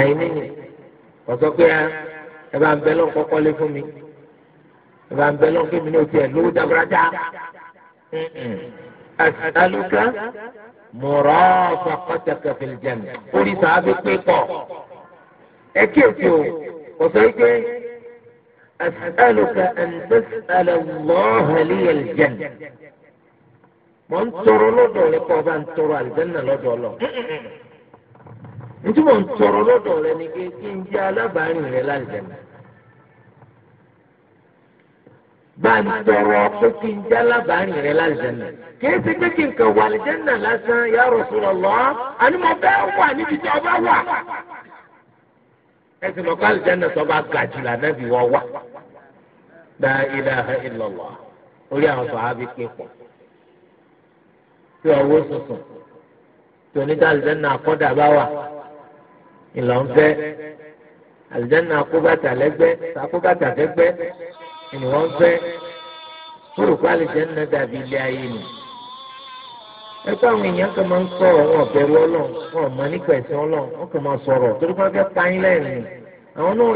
àìní ni ọ̀sọ́ pé ẹ bá ń bẹ lọ́kọ́kọ́ lé fún mi ìgbà ń bẹ lọ fún mi ní oṣù ẹ lówó jagunlajà asaluka mọ̀rọ́ fàkọ́tẹ̀kẹ̀ fìlìjẹ̀m orí sàábì pé pọ̀ ẹ kíyèsí o kò sọ pé asaluka ẹnìtẹ́sàlẹ̀ wọ́ọ̀hẹ̀lì ẹ̀lìjẹ̀m mọ̀ ń tọrọ lọ́dọ̀ rẹ kọ́ bá ń tọrọ àlìjẹ́nà lọ́dọ̀ lọ ntí ń tọrọ lọ́dọ̀ rẹ ni kí n jẹ́ alábàárìn rẹ lálìjẹ́nà bá ń tọrọ pé kí n já lábàárín rẹ lálẹ́jẹ̀nà kìí ṣe pé kí n kàn wà lẹ́jẹ̀nà lásán ya Rasulullah àní mo fẹ́ wà níbi tí ọba wà. ẹ sì mọ̀ ká lẹ́jẹ̀nà tó bá ga jù lànàbí wọ́n wà. la ilaha illallah orí àwọn sàhábì pé pọ̀ tí ọwọ́ sọ̀sọ̀ tí oníta lẹ́jẹ̀nà akọ́dà bá wà ìlànà fẹ́ àlẹ́jẹ̀nà akóbàtà lẹ́gbẹ́ ni wọ́n fẹ́ wọ́n rò pé dàbí ilé ayé ni ẹgbẹ́ àwọn èèyàn kan máa ń sọ ọ̀rọ̀ ọ̀bẹ̀rù ọlọ́run wọn mọ nípa ẹ̀sìn ọlọ́run wọn kàn máa torí wọn pààyàn àwọn náà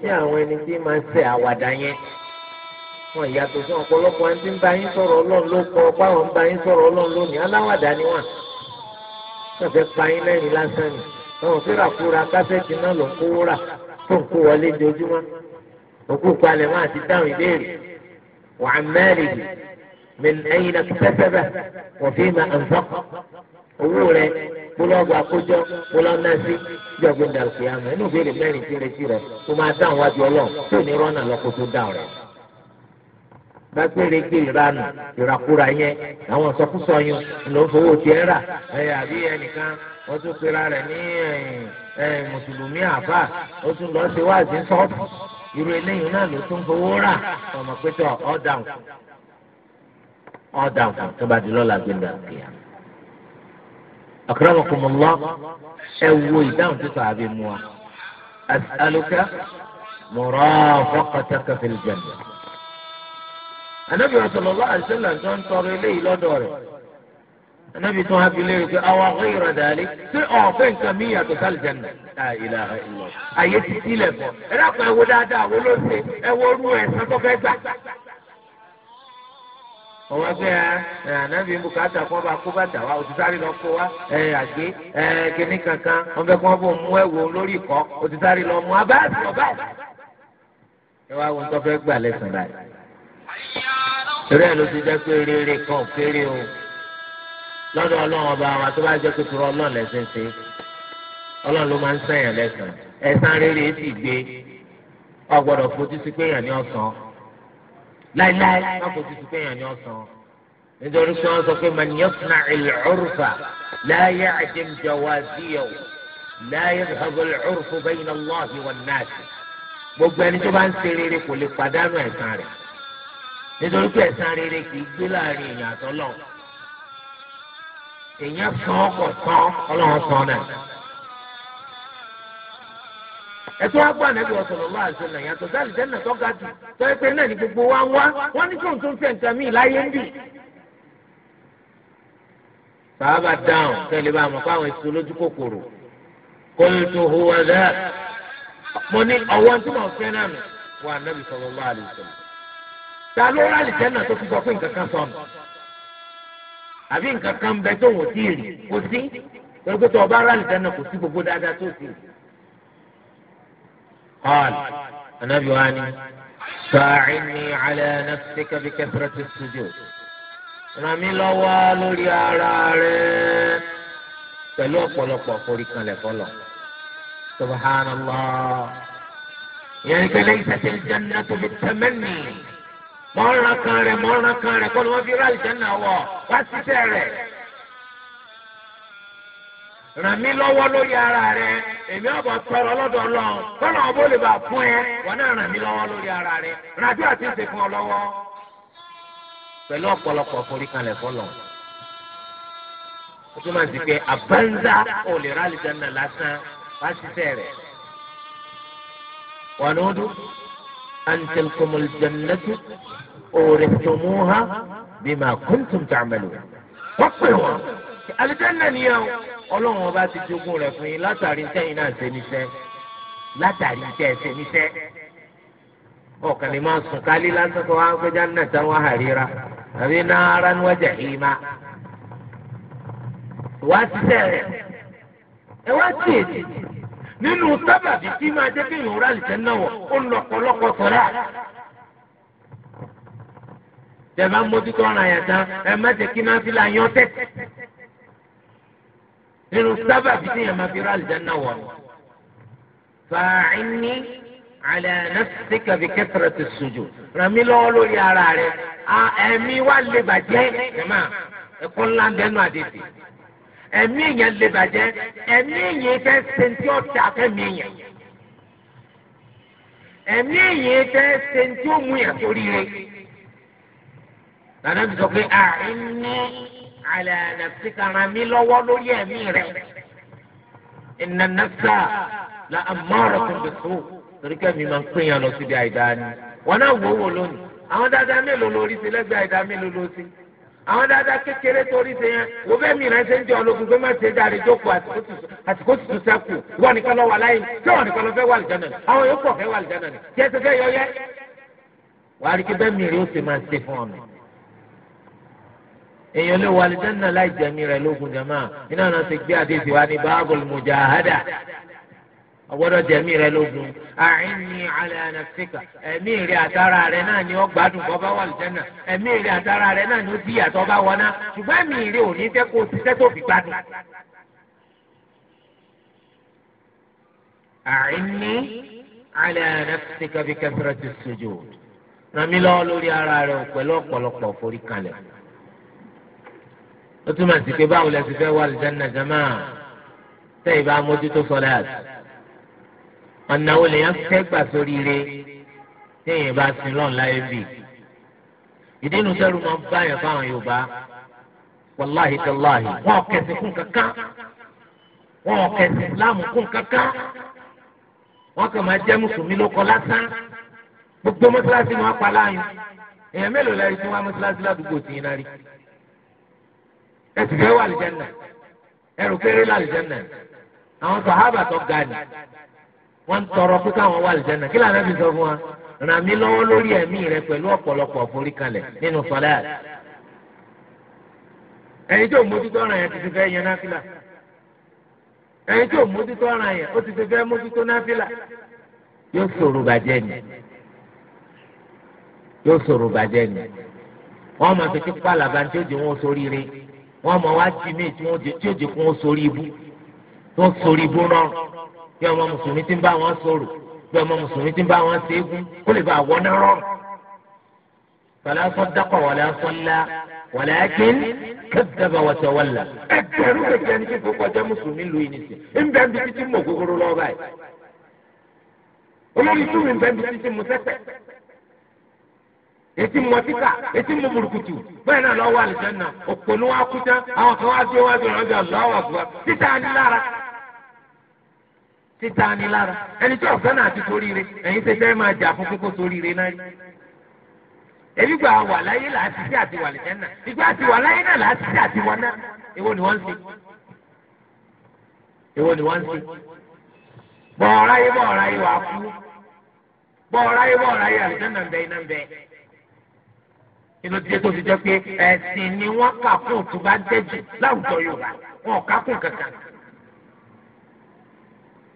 sí àwọn ẹni tí máa ń àwàdà yẹn wọn yàtọ̀ sí ọ̀pọ̀lọpọ̀ ẹni tí ń bá yín ló kọ ń bá yín lónìí aláwàdà ni wọn òkú palẹ̀ wọn àti dáhùn ìbéèrè wà á mẹ́rin yìí mẹ́rin ẹ̀yin náà pẹ́pẹ́pẹ́ wọ́n fi máa ń fọ́ owó rẹ̀ kólọ́gbà àkójọ kólọ́nàsí jọ̀gbìn dàrúkì àmọ́ inú ìbéèrè mẹ́rin ti retí rẹ̀ tó máa gbé ìranù ìrakúra yẹn àwọn sọkúsọ yẹn ló fowó tiẹ̀ rà ẹ àbí ẹnìkan irú eléyìí náà ló tún gbowó rà ọmọ pété ọ̀dà nǹkan ọ̀dà nǹkan tó bá di lọ́la gbẹ̀dà kìá. akramakumullah ẹ wo ìdáhùn tó sọ àbí mu wa as'aluka murafaqataka fil janna. ànábì sallallahu alaihi wasallam ń tọrọ eléyìí lọ́dọ̀ rẹ̀ anabi tún wá fi léèrè pé àwa ọ̀hún ìrọ̀dàlẹ́ ṣé ọ̀fẹ́ nǹkan mi yàtọ̀ sálìjẹ́nà àìlà ìlọ. àyè ti sílẹ̀ bọ̀ ẹ dákun ẹ wo dáadáa wo ló ṣe ẹ wo orú ẹ̀sán tó fẹ́ gbà. ọwọ́ pé ẹ anabi ń bùkátà kó bá kó bàtà wa òtítọ́ àrí lọ kó wa ẹ àgbé ẹ kínní kankan wọn fẹ́ kó wọn bò mú ẹ̀wò lórí ìkọ́ òtítọ́ lọ mú abáàsì ọ̀bá ẹ wá wọn tó fẹ́ gbà lẹ́sìn báyìí. eré ló ti jẹ́ pé rere kan kéré o. lọ́dọ̀ ọlọ́run ọba wa tó bá jẹ́ pé turọ́ ọlọ́run lẹ́sìn ṣe ọlọ́run ló máa ń sẹ́yìn lẹ́sìn ẹ̀sán rere sì gbé ọgbọ́dọ̀ fojú sí pé èèyàn ní ọ̀sán láíláí má fojú sí pé èèyàn ní ọ̀sán nítorí pé wọ́n sọ pé èèyàn san ọkọ̀ san ọlọ́run san náà. ẹ̀tọ́ agbó ànábì ọ̀sọ̀rọ̀ lọ́wọ́ àti ọ̀nà yàtọ̀ sáà lìjẹ́ nà tọ́ka jù tọ́yẹ pé náà ní gbogbo wa ń wá wọ́n ní kí n tún fẹ̀ nǹkan míì láyé ń bì. bàbá dáhùn tẹ́lẹ̀ bá mọ̀ fáwọn èso lójú kòkòrò kó ló tó hu ọ̀dà mo ní ọwọ́ tí mo fẹ́ náà nù wọ ànábì sọ̀rọ̀ lọ́wọ́ àlùsọ̀rọ̀ ta ló rà lìjẹ́ nà tó fi sọ pé nǹkan kan sọnù àbí nǹkan kan bẹ tó wò sí èrè kò sí gbogbo tó ọba ara nìkan náà kò sí gbogbo dáadáa tó sí. قال النبي أني ساعني على نفسك بكثرة السجود ràn mí lọ́wọ́ lórí ara rẹ̀ pẹ̀lú ọ̀pọ̀lọpọ̀ forí kanlẹ̀ fọlọ̀ subhanallah yẹn kẹlẹ́ ìtẹ̀tẹ̀ ìjẹun náà tó fi tẹ̀mẹ́nì mọ̀ọ́ràn kan rẹ̀ mọ̀ọ́ràn kan rẹ̀ kọ́ ni wọ́n fi rà ìjánà wọ̀ wá síṣẹ́ rẹ̀. ràn mí lọ́wọ́ lórí ara rẹ̀ èmi ọ̀bọ̀ tọrọ lọ́dọ̀ ọlọ́run kọ́nà ọ̀bọ̀ lè bà fún ẹ wọn náà ràn mí lọ́wọ́ lórí ara rẹ̀ ràdí àti ìṣe fún ọ lọ́wọ́. pẹ̀lú ọ̀pọ̀lọpọ̀ foríkalẹ̀ fọlọ̀ ó tún máa sì pé ò lè rà ìjánà lásán wá síṣẹ́ rẹ̀ wọ́n ní ó dún an tilkumul الجنة òrètòmùhà بما كنتم تعملون. وقفوا. الجنة wọ́n alìjẹ́nà nìyẹn ọlọ́run ọba ti jogún rẹ̀ fún yín látàrí sẹ́yìn náà ṣe níṣẹ́ látàrí tẹ́ ẹ ṣe níṣẹ́ ọ̀kan lè máa sùn kálí lásán kó wọ́n á gbé jáde náà táwọn àríra àbí náírà ni wọ́n jẹ̀ ìmá wọ́n á ti sẹ́rẹ̀ ẹ wá tì ètì nínú sábàbí tí máa jẹ́ kéèyàn rà lìjẹ́ náà wọ̀ ó ń lọ pọ̀lọpọ̀ sọ̀rọ̀ àná. tẹ̀bá mójútó ọ̀ràn yẹn tán ẹ má jẹ́ kí náà fi là yan tẹ̀. nínú sábàbí tí yẹn máa fi rà lìjẹ́ náà wọ̀ ni. fàáìní àlẹ́ nafsika bi kathrati sujud ràn mí lọ́wọ́ lórí ara rẹ̀ ẹ̀mí wà lè bàjẹ́ ẹ̀kọ́ ńlá ń bẹ́ẹ̀ àdéhùn ẹ̀mí èèyàn lè bàjẹ́ ẹ̀mí èèyàn fẹ́ sentí ọ̀tá fẹ́mi èèyàn ẹ̀mí èèyàn fẹ́ sentí òmù yẹn sórí rẹ̀ lànà bí sọ pé àárín ní alẹ́ ànàfíkàrà mi lọ́wọ́ lórí ẹ̀mí rẹ̀ ìnànàfà la àmọ́ràn tó bẹ̀ tó torí kẹ́mi máa ń pín yàn lọ síbi àìdáa ni náà wò lónìí àwọn dáadáa mélòó lórí sí lẹ́gbẹ̀ẹ́ àìdáa mélòó ló sí àwọn dáadáa kékeré torí ṣe yẹn wò bẹ́ẹ̀ mìíràn ṣe ń jẹ ọlọ́gùn pé má ṣe dáre jókòó àsìkò tuntun sẹ́kù wọ́n nìkan lọ wà láyé tí wọ́n nìkan lọ fẹ́ wà lìjánà ni àwọn yóò pọ̀ fẹ́ wà lìjánà ni tí ẹ ti fẹ́ yọyẹ. wàá rí i pé bẹ́ẹ̀ mìíràn ó ṣe máa ṣe fún ọ̀nà. èèyàn lè wà lìjánà láì jẹ̀mí rẹ̀ lógun jàmáà iná náà ti gbé àdéhùn wa ní báàbùl mùjáhádà ọgbọ́dọ̀ jẹ̀mí rẹ lógun àìní alẹ́ ànàfíkà ẹ̀mí rẹ àtàrà rẹ náà ni ó gbádùn bọ́ bá wà lùjẹ́nà ẹ̀mí rẹ àtàrà rẹ náà ni ó díyà tó bá wọná ṣùgbọ́n ẹ̀mí rẹ ò ní jẹ́ kó o ṣiṣẹ́ tó fi gbádùn. àìní alẹ́ ànàfíkà bí kẹfìrẹ́ ti sojú rami lọ́wọ́ lórí ara rẹ pẹ̀lú ọ̀pọ̀lọpọ̀ forí kalẹ̀ ó túmọ̀ sí pé báwo lẹ ti fẹ́ wà lùjẹ́nà jama tẹ́ ìbá mójútó sọ́lá àti ọ̀nà wo lèèyàn kẹ́gbà sórí ire téèyàn bá sin lọ́n láyé bì ìdí inú sẹ́rù máa ń báyàn fáwọn Yorùbá wàláhì tàláhì wọn kẹsì kún kankan wọn kẹsì Islam kún kankan wọn kàn máa jẹ́ mùsùlùmí ló kọ lásán gbogbo mọ́sálásí ni pa láàyò èèyàn mélòó la tí wọ́n á mọ́sálásí ládùúgbò tì í náà rí ẹ̀sìn fẹ́ wà lìjẹ́ nà ẹ̀rù kéré lálìjẹ́ nà àwọn sàhábà wọ́n ń tọrọ pé káwọn wà lìjẹ́ náà kí lànà fi sọ fún wa ràn mí lọ́wọ́ lórí ẹ̀mí rẹ pẹ̀lú ọ̀pọ̀lọpọ̀ foríkalẹ̀ nínú sọlá ẹni tí ò mójútó ọ̀ràn yẹn ti ti fẹ́ yẹn náfìlà ẹni tí ò mójútó ọ̀ràn yẹn ó ti ti fẹ́ mójútó náfìlà yóò ṣòro bàjẹ́ ni yóò ṣòro bàjẹ́ ni wọ́n máa fi tipa làbá tí ó di wọn sórí rí wọ́n máa wá jí mi tí ó di kún ó sórí ibú tó sórí ibú náà bí ọmọ mùsùlùmí ti ń bá wọn sọ̀rọ̀ bí ọmọ mùsùlùmí ti ń bá wọn ṣẹ́gun ó lè bá wọn náà rọrùn. fàlà sọdọkọ wàlà sọlá wàlà akin kẹdàbà wàtẹwàlà. ẹgbẹ̀rún kẹkẹ ní kíkọ kọjá mùsùlùmí lu yìí nìsín ń bẹ́ẹ̀ bí títí mọ̀ gbogbo lọ́wọ́ báyìí. olórí tún mi ń bẹ́ẹ̀ bí títí mọ̀ sẹ́sẹ̀ ètí mọ títà ètí mọ burúkutu bẹ́ẹ̀ náà lọ́wọ́ àlùjá náà òpònú wa kú àwọn kan wá dúró wá dúró títa ni lára ẹni tí ọ̀fẹ́ náà ti torí rẹ ẹ̀yin ṣe fẹ́ máa jà fún kókó torí rẹ náà èmi gbà wà láyé láti sí àti wà lẹ́yìn náà ìgbà àti wà láyé náà láti sí àti wà náà èwo ni wọ́n ń ṣe èwo ni wọ́n ń ṣe bọ̀ọ̀rá yé bọ̀ọ̀rá yé wà á kú bọ̀ọ̀rá yé bọ̀ọ̀rá yé àlùjá náà ń bẹ iná inú ti dé tó fi jẹ́ pé ẹ̀sìn ni wọ́n kà fún òtún bá dẹ́jù láwùjọ Yorùbá wọn ò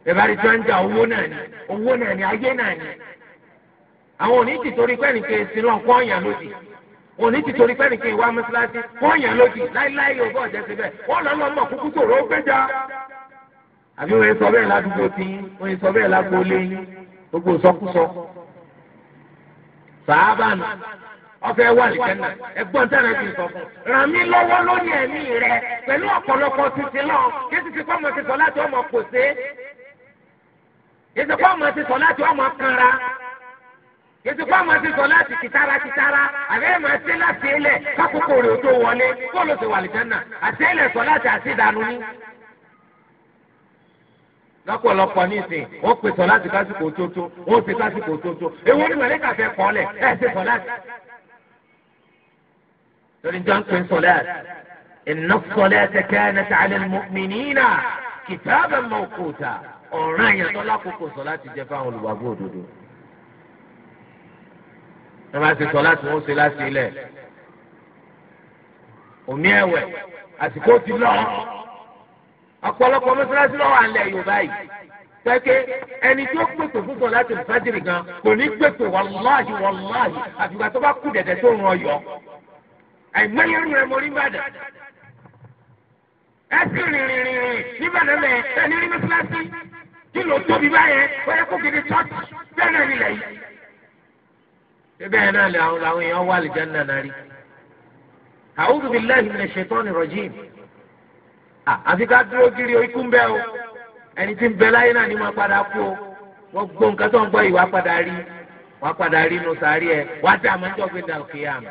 bẹ̀bá rí tí wọ́n ń jà owó náà ni owó náà ni ayé náà ni àwọn òní ti torí pẹ́ nìkan sí lọ́n kọ́ ọ̀yàn lódì òní ti torí pẹ́ nìkan ìwà mọ́sálásí kọ́ ọ̀yàn lódì láíláí yóò bọ̀ jẹ́ síbẹ̀ wọ́n lọ́ lọ́ mọ̀ kúkú sòrò ó gbéjà. àbí wọ́n sọ bẹ́ẹ̀ ládùúgbò tí wọ́n sọ bẹ́ẹ̀ lágbóolé gbogbo sọkúsọ. sàábàánù ọ̀fẹ́ wà nìkẹ́nà ẹ̀gbọ́n tẹ̀lé ti sọ fún. ràn mí lọ́wọ́ lónìí ẹ̀mí rẹ pẹ̀lú ọ̀pọ̀lọpọ̀ títí náà kí yẹtù kó ọmọ ti sọ láti ọmọ kanra yẹtù kó ọmọ ti sọ láti kìtara kìtara àbẹ́rẹ́ máa ṣe láti ilẹ̀ kákòókò rẹ̀ tó wọlé bóòlù ti wà lìjánà àti ilẹ̀ sọ láti àti ní. lọ́pọ̀lọpọ̀ ní ìsìn ó pè sọ láti kásìkò tótó ó ti kásìkò tótó èwo ni mọ̀lẹ́kà fẹ́ kọ́ lẹ̀ ẹ̀ ṣe sọ láti. torí john pé sọ láti inna as-salata kanat ala ọ̀ràn àyàtọ̀ lákòókò sọ láti jẹ fáwọn olùgbàgbọ́ òdodo ẹ máa ṣe sọ láti wọ́n ṣe láti ilẹ̀ òmí ẹ̀wẹ̀ àsìkò ti lọ ọ̀pọ̀lọpọ̀ mọ́sálásí lọ́wọ́ alẹ́ yorùbá yìí pẹ́kẹ́ ẹni tí ó pètò fún sọ láti fájìrì gan kò ní pètò wàláhì wàláhì àfìgbà tó bá kú dẹ̀dẹ̀ tó ràn yọ àìmọyẹrù rẹ mọ nígbàdàn ẹ sì rìnrìnrìn nígbàdàn mẹ ẹni rí mọ́sálásí kí ló tóbi báyẹn wọ́n kó gidi tọ́tù bẹ́ẹ̀ náà nílẹ̀ yìí. bẹ́ẹ̀ náà làwọn èèyàn wà lìjánná náà rí. a'udhu billahi minash shaitani rajim. àfi ká dúró kiri ikú ń bẹ́ o ẹni tí ń bẹ láyé náà ni máa padà kú o wọ́n gbọ́ nǹkan tó ń gbọ́ yìí wá padà rí wá padà rí inú sàárì ẹ̀ wá dé àmọ́jọ́ gbé dà òkè àmì.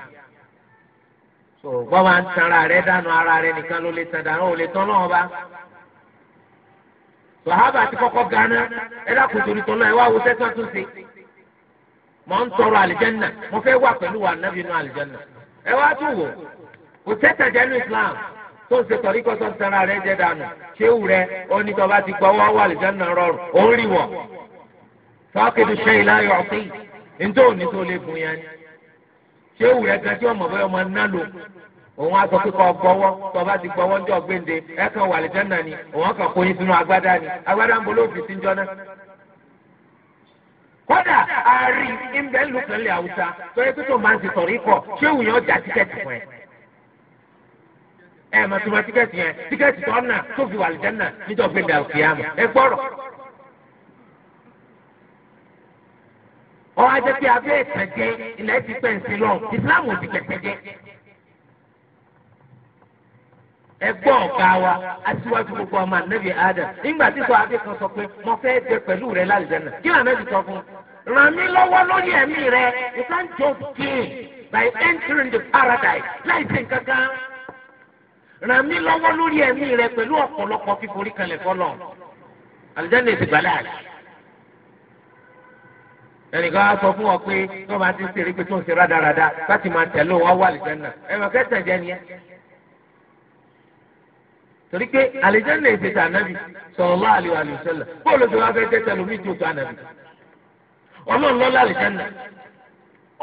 so wọ́n máa ń tan ara rẹ̀ dànù ara rẹ̀ nìkan ló lè tan dànù ò lè tán náà bá sọ̀hábà ti kọkọ ghana ẹ̀dá kò torí wá wo sẹ́tọ́ tún sí. mọ̀ ń tọrọ àlìjẹ́nà mo fẹ́ wà pẹ̀lú wa nábì nù àlìjẹ́nà. ẹ wá tún wò kò sẹ́tà jẹ́ ní Islam tó ń ṣe tọ̀ríkọ́ tó ń sara rẹ̀ jẹ́ dànù ṣéwù rẹ̀ onítọ̀ bá ti gbọ́ wá wà àlìjẹ́nà rọrùn ó ń rí wọ̀. sọ́kìdù ọ̀sìn tó yẹn òun á sọ pé kọ́ gbọ́wọ́ ti gbọ́wọ́ ń jọ gbéǹde ẹ kàn wà náà ni òun kàn kóyin sínú agbádá ni agbádá ń bolóòfì sí njọ́ náà. kódà ààrí ìbẹ̀ ńlù kan lè àwùjá tó yẹ máa ń ti sọ̀rọ̀ ikọ̀ ṣé òun ọjà tíkẹ́ẹ̀tì fún ẹ. ẹ tíkẹ́ẹ̀tì ẹgbọ́n ọ̀gá wa aṣíwájú gbogbo ọmọ ànábì adam nígbà tí sọ abẹ́ sọ pé mo fẹ́ jẹ pẹ̀lú rẹ lálùjẹ́nà kí ànábì sọ fún ràn mí lọ́wọ́ lórí ẹ̀mí rẹ you can just gain by entering the paradise láì sí nǹkan ràn mí lọ́wọ́ lórí ẹ̀mí rẹ pẹ̀lú ọ̀pọ̀lọpọ̀ fíforí kalẹ̀ fọlọ́ àlùjẹ́nà ìdìgbà láàrin ẹnìkan á sọ fún ọ pé tó bá ti ń torí pé àlejò lè ṣe tà nàbì sallallahu alaihi wasallam bóòlù tó wá fẹ́ tẹ́ tẹ lómi tó tó ànàbì ọlọ́run lọ́lá àlejò náà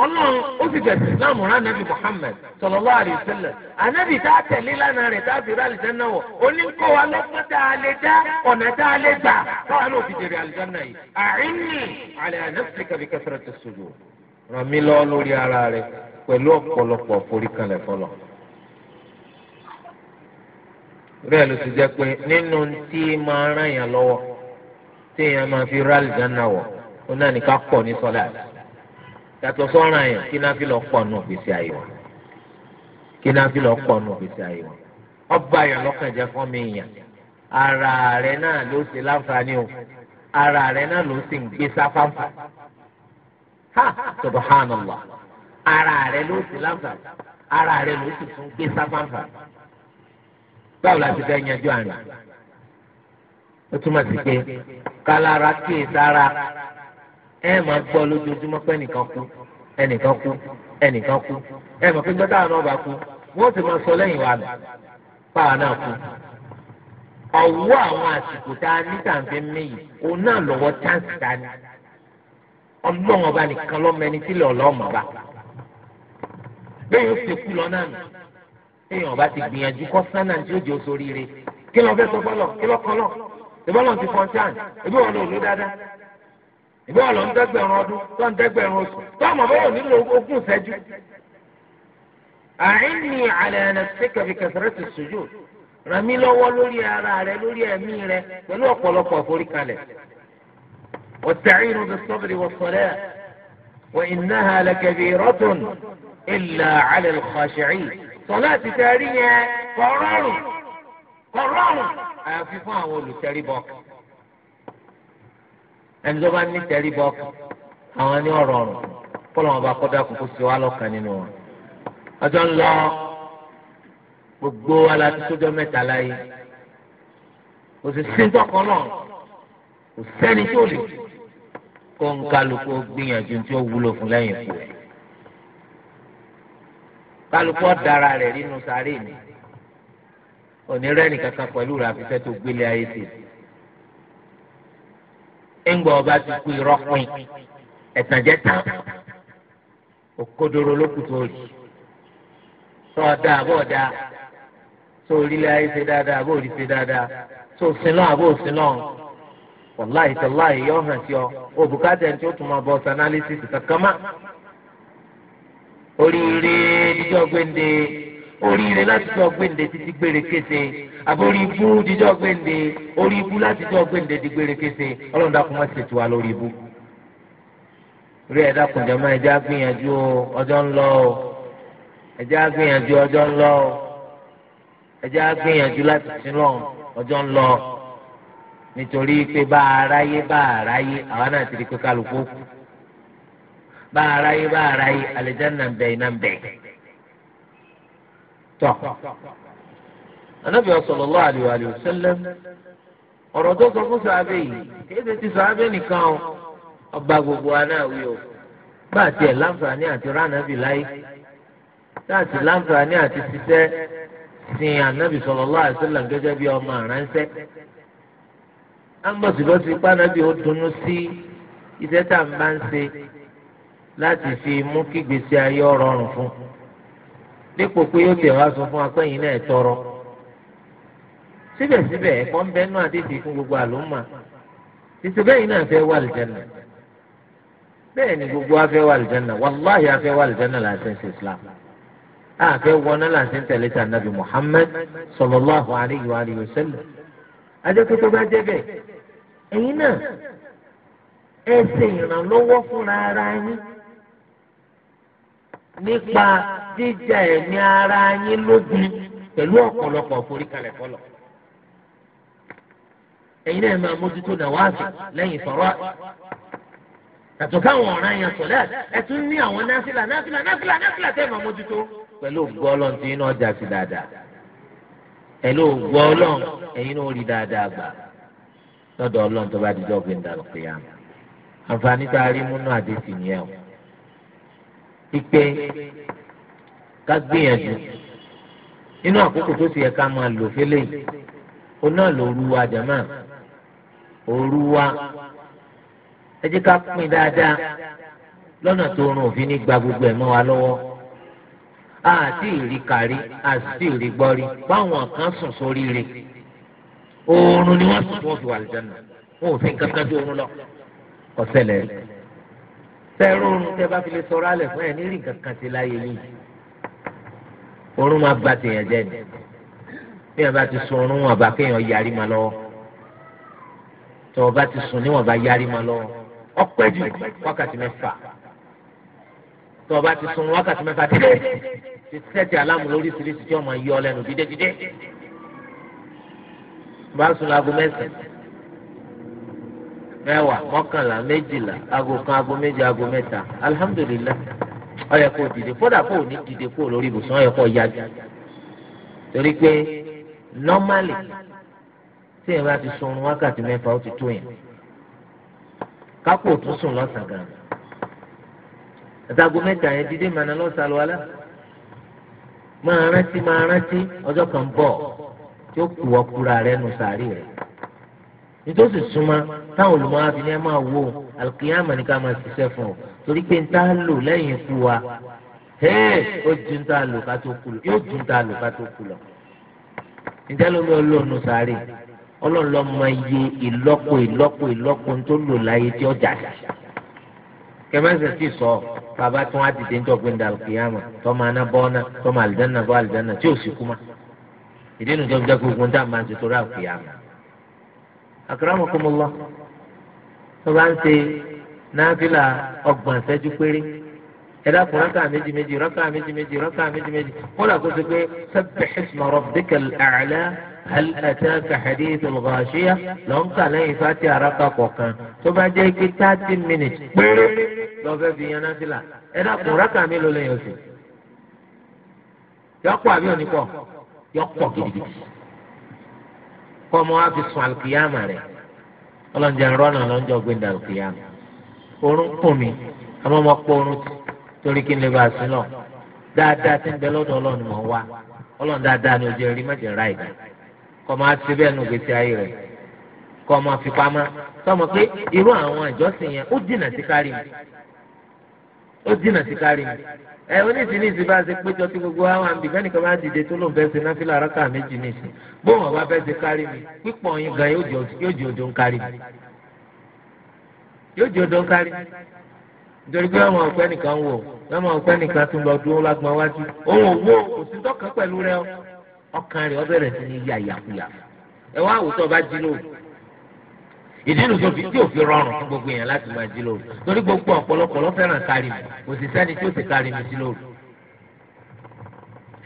ọlọ́run ó sì bẹ̀rẹ̀ islam rán nàbì muhammed sallallahu alaihi wasallam ànàbì tá a tẹ̀lé lánàá rẹ̀ tá a bèrè àlejò náà wọ̀ oníkọ́ wa lọ́gbọ́n tá a lè dá ọ̀nà tá a lè gbà káwa náà fi jèrè àlejò náà yìí rẹ ló ti jẹ́ pé nínú tí máa ràn yàn lọ́wọ́ tí èèyàn máa fi rálì dáná wọ ó náà ní ká pọ̀ ní sọlá yàtọ̀ sọràn yàn kí náà fi lọ pọ̀ nù gbèsè àyè wọn kí náà fi lọ pọ̀ nù gbèsè àyè ọba yàn lọ́kàn jẹ́ fún mi yàn ara rẹ̀ náà ló ṣe láǹfààní o ara rẹ̀ náà ló sì ń gbé sáfáfá ha subhanallah ara rẹ̀ ló ṣe láǹfààní ara rẹ̀ ló sì tún gbé sáfáfá báwo la ti fẹ́ yanjú àná ó túmọ̀ sí pé kálára kíyè sára ẹ máa gbọ́ lójoojúmọ́ pé ẹnìkan kú ẹnìkan kú ẹnìkan kú ẹ mọ̀ pé gbọ́dọ̀ àwọn ọba kú wọ́n ti máa sọ lẹ́yìn wa nù báwa náà kú ọwọ́ àwọn àsìkò tá a ní tàǹfẹ́ mẹ́yì òun náà lọ́wọ́ táǹsì tá a ní ọba nìkan lọ́mọ ẹni tí lọ́ọ́ lọ́ọ́ mọ̀ bá kú lọ náà nù téèyàn bá ti gbìyànjú kọ́ sánà tí ó jẹ́ oṣooríire kí ló fẹ́ sọ fọlọ́ kí ló kọ́ lọ ìbọn lọ ti fọ́n tán ìbọn wọn lò dáadáa ìbọn wọn lọ dẹ́gbẹ̀rún ọdún tó dẹ́gbẹ̀rún oṣù tó àmọ́ bọ́ọ̀ nílò ogún ìṣẹ́jú. àìní àlẹ́ ẹ̀nà síkẹ̀ fi kẹsàrẹ́ ti sùjú ràn mí lọ́wọ́ lórí ara rẹ lórí ẹ̀mí rẹ pẹ̀lú ọ̀pọ̀lọpọ̀ àforíkalẹ̀ wọ́tẹ̀rínú bí sọlá ti tẹ rí yẹn kọrọrùn kọrọrùn àyàfi fún àwọn olùtẹríbọkì ẹni tó bá ní tẹríbọkì àwọn ní ọ̀rọ̀ ọ̀rùn kọlọ wọn bá kọdà kókó sí wa lọ́kàn nínú wọn. ọjọ́ ń lọ gbogbo alátúntòjọ́ mẹ́ta láyé kò sì síntọ́ kan náà kò sẹ́ni tó lè kó ń kálukú gbìyànjú tí ó wúlò fún lẹ́yìn ikú rẹ̀. kálukú dara rẹ̀ nínú sáré mi onírẹ́ni kankan pẹ̀lú rẹ̀ àfisẹ́ tó gbélé ọba ti kú irọ́ pin ẹ̀tànjẹ́ tán òkodoro lókùtò òrì sọ̀dà àbọ̀dà sórílẹ̀ ayé ṣe dáadáa àbórí ṣe dáadáa sófin náà àbófin náà wàláhìí yọ̀ hàn sí ọ òbúkátẹ̀ oríire díjọ́ gbéǹde oríire láti jọ gbéǹde títí gbére kése àbórí ibú díjọ́ gbéǹde orí ibú láti jọ gbéǹde di gbére kése ọlọ́run dákun má ṣètò wa lórí ibú. orí ẹ̀dá kùnjẹ́ mọ́ ẹja gbìyànjú ọjọ́ ń lọ o ẹja gbìyànjú ọjọ́ ń lọ o ẹja gbìyànjú láti sin lọ ọjọ́ ń lọ nítorí pé bá a ráyé bá a ráyé àwa náà ti di pé kálukú kù bá ara yìí bá ara yìí alìjánà ń bẹ iná ń bẹ. tọ́ anabi sallallahu alaihi wa sallam ọ̀rọ̀ tó sọ fún sàábẹ́ yìí kéde ti sàábẹ́ nìkan o ọgbà gbogbo wa náà wí o bá a tiẹ̀ láǹfààní àti ránàbì láyé láti láǹfààní àti ṣiṣẹ́ sin anabi sallallahu alaihi wa bí ọmọ àránṣẹ́ ambọ̀sibọ́sí pànàbí ó dunnú sí iṣẹ́ tá à bá ń ṣe. láti fi mú kí gbèsè ayé fún dípò pé yóò tẹ̀ wá sọ fún akẹ́yìn náà tọrọ síbẹ̀síbẹ̀ ẹ̀kọ́ ń bẹ nú fún gbogbo àlùmọ́ títí bẹ́ẹ̀ náà fẹ́ wà lìjẹ́nà bẹ́ẹ̀ ni gbogbo afẹ́ wà lìjẹ́nà wàláhì afẹ́ wà lìjẹ́nà ṣe islam àfẹ́ wọná làṣẹ tẹ̀lé ta Nabi muhammed bá jẹ́ bẹ́ẹ̀ ẹ̀yin náà ẹ nípa jíjà ẹ̀mí ara yín lógun pẹ̀lú ọ̀pọ̀lọpọ̀ foríkalẹ̀ fọlọ̀. ẹ̀yin náà máa mójútó nàwáàsì lẹ́yìn sọ̀rọ̀ yàtọ̀ káwọn ọ̀ràn yẹn sọ̀lẹ́ ẹ tún ní àwọn náfìlà náfìlà náfìlà náfìlà tẹ́ máa mójútó pẹ̀lú ògbọ́ ọlọ́run tí iná ọjà sí dáadáa pẹ̀lú ògbọ́ ọlọ́run ẹ̀yin náà rí dáadáa gbà lọ́dọ̀ ọlọ́run tó bá ìpè ká gbìyànjú inú àkókò tó sì yẹ ká máa lò fẹlẹ yìí ó náà lòru wa jàmá òru wa ẹ jẹ́ ká pín dáadáa lọ́nà tó rún òfin ní gba gbogbo ẹ̀ mọ́ wa lọ́wọ́ àti ìrí kárí àti ìrí gbọ́rí báwọn kan sùn sórí rẹ̀ oorun ni wọ́n sùn fún òfin wàlìjánà wọn ò fi kankan tó oorun lọ kò tẹ́rù oorun tẹ́ bá fi lè sọ̀rọ̀ alẹ̀ fún ẹ̀ ní rìn kankan sí láyé yìí oorun máa ba tèèyàn jẹ́ ni bí wọn bá ti sun oorun wọn bá kéèyàn yarí ma lọ́wọ́ tí wọn bá ti sun níwọ̀n bá yarí ma lọ́wọ́ ọpẹ́ jù wákàtí mẹ́fà tí wọn bá ti sun wákàtí mẹ́fà dídé ti sẹ́ẹ̀tì aláàmù lóríṣiríṣi tí wọn yọ ọ lẹ́nu dídé dídé bá sun láago mẹ́sàn-án mẹ́wàá mọ́kànlá méjìlá aago kan aago méjì aago mẹ́ta alihamudulilayi ọyẹ kò dìde kódà kò ní dìde kò lórí ibùsùn ọyẹ kò yájú torí pé nọ́màlì tí èèyàn bá ti sun oorun wákàtí mẹ́fà ó ti tó yẹn kápò tún sùn lọ́sàn-án gan àtàgò mẹ́ta yẹn dídé màná lọ́sàn-án lọ́wọ́lá máa rántí máa rántí ọjọ́ kan bọ̀ tí ó kù ọkùnrin rẹ̀ nù sàárì rẹ̀ nítòsí súnmọ́ táwọn olùmọ̀ abiní ẹ máa wo alùkìyàmọ̀ ní ká máa ṣiṣẹ́ fún ọ torí pé ń tá a lò lẹ́yìn ikú wa hẹ́ẹ̀ ó ju ń tá a lò ká tó kú lọ yóò ju ń tá a lò ká tó kú lọ. ǹjẹ́ ló ní olóònù sáré ọlọ́run lọ́ máa yẹ ìlọ́po ìlọ́po ìlọ́po tó lò láyé tí ó jà jà. kẹmẹsẹ̀ sì sọ bàbá tí á dìde ń jọ̀gbìn ní alùkìyàmọ̀ tọ́mọ aná bọ́ọ́ná tọ́mọ àlìjáná bọ́ akramakumullah tó bá ń ṣe náfìlà ọgbọ̀n ṣẹ́jú péré ẹ̀dá kun rákà méjì méjì rákà méjì méjì rákà méjì méjì wọ́n lọ kó so pé sabbih isma rabbikal a'la hal ataka hadithul ghashiya lọ́nkà lẹ́yìn fati araka kọ̀ọ̀kan tó bá jẹ́ pé thirty minutes péré lọ́fẹ́ fi yan náfìlà ẹ̀dá kun rákà mélòó lẹ́yìn oṣù yọ̀pọ̀ kọ́ ọmọ wa fi sùn àlùkìyàmà rẹ̀ ọlọ́njẹ́ rọ́nà lọ́njọ́ gbẹ̀dẹ̀ àlùkìyàmà orun kùn mí àmọ́ mo pọ̀ orun torí kí n lè bá a sí lọ dáadáa tí ń bẹ lọ́dọ̀ ọlọ́run mọ̀ wá ọlọ́run dáadáa ni ojú mẹ́jẹ̀ ra ìgbà kọ́ ti bẹ́ẹ̀ nu gbèsè ayé rẹ̀ kọ́ máa sọmọ pé irú àwọn ìjọsìn yẹn ó dìnà mi ó dìnà mi ẹ oníṣìí ní ìsìnbá ṣe péjọ tí gbogbo àwọn àmì ìfẹ́nìkan bá dìde tó lóun fẹ́ẹ́ ṣe náfìlà rákà méjì nìṣẹ́ bóun ọba fẹ́ẹ́ ṣe kárí mi pípọ̀ yín gan yóò di odò ń kárí mi yóò di odò ń kárí mi nítorí pé ọmọ ọ̀pẹ nìkan wò ọmọ ọ̀pẹ nìkan tún lọ dúró lágbọn wájú òun ò kò sí tọkàn pẹ̀lú rẹ ọkàn rẹ ọbẹ̀rẹ̀ sí ní yàyàkuyà ẹ wá àwùjọ bá jí lóòrùn ìdí nu tó fi tí òfin rọrùn fún gbogbo èèyàn láti máa jí lóru torí gbogbo ọ̀pọ̀lọpọ̀ ló kárí mi kò sì sẹ́ni tí ó ti kárí mi sí lóru.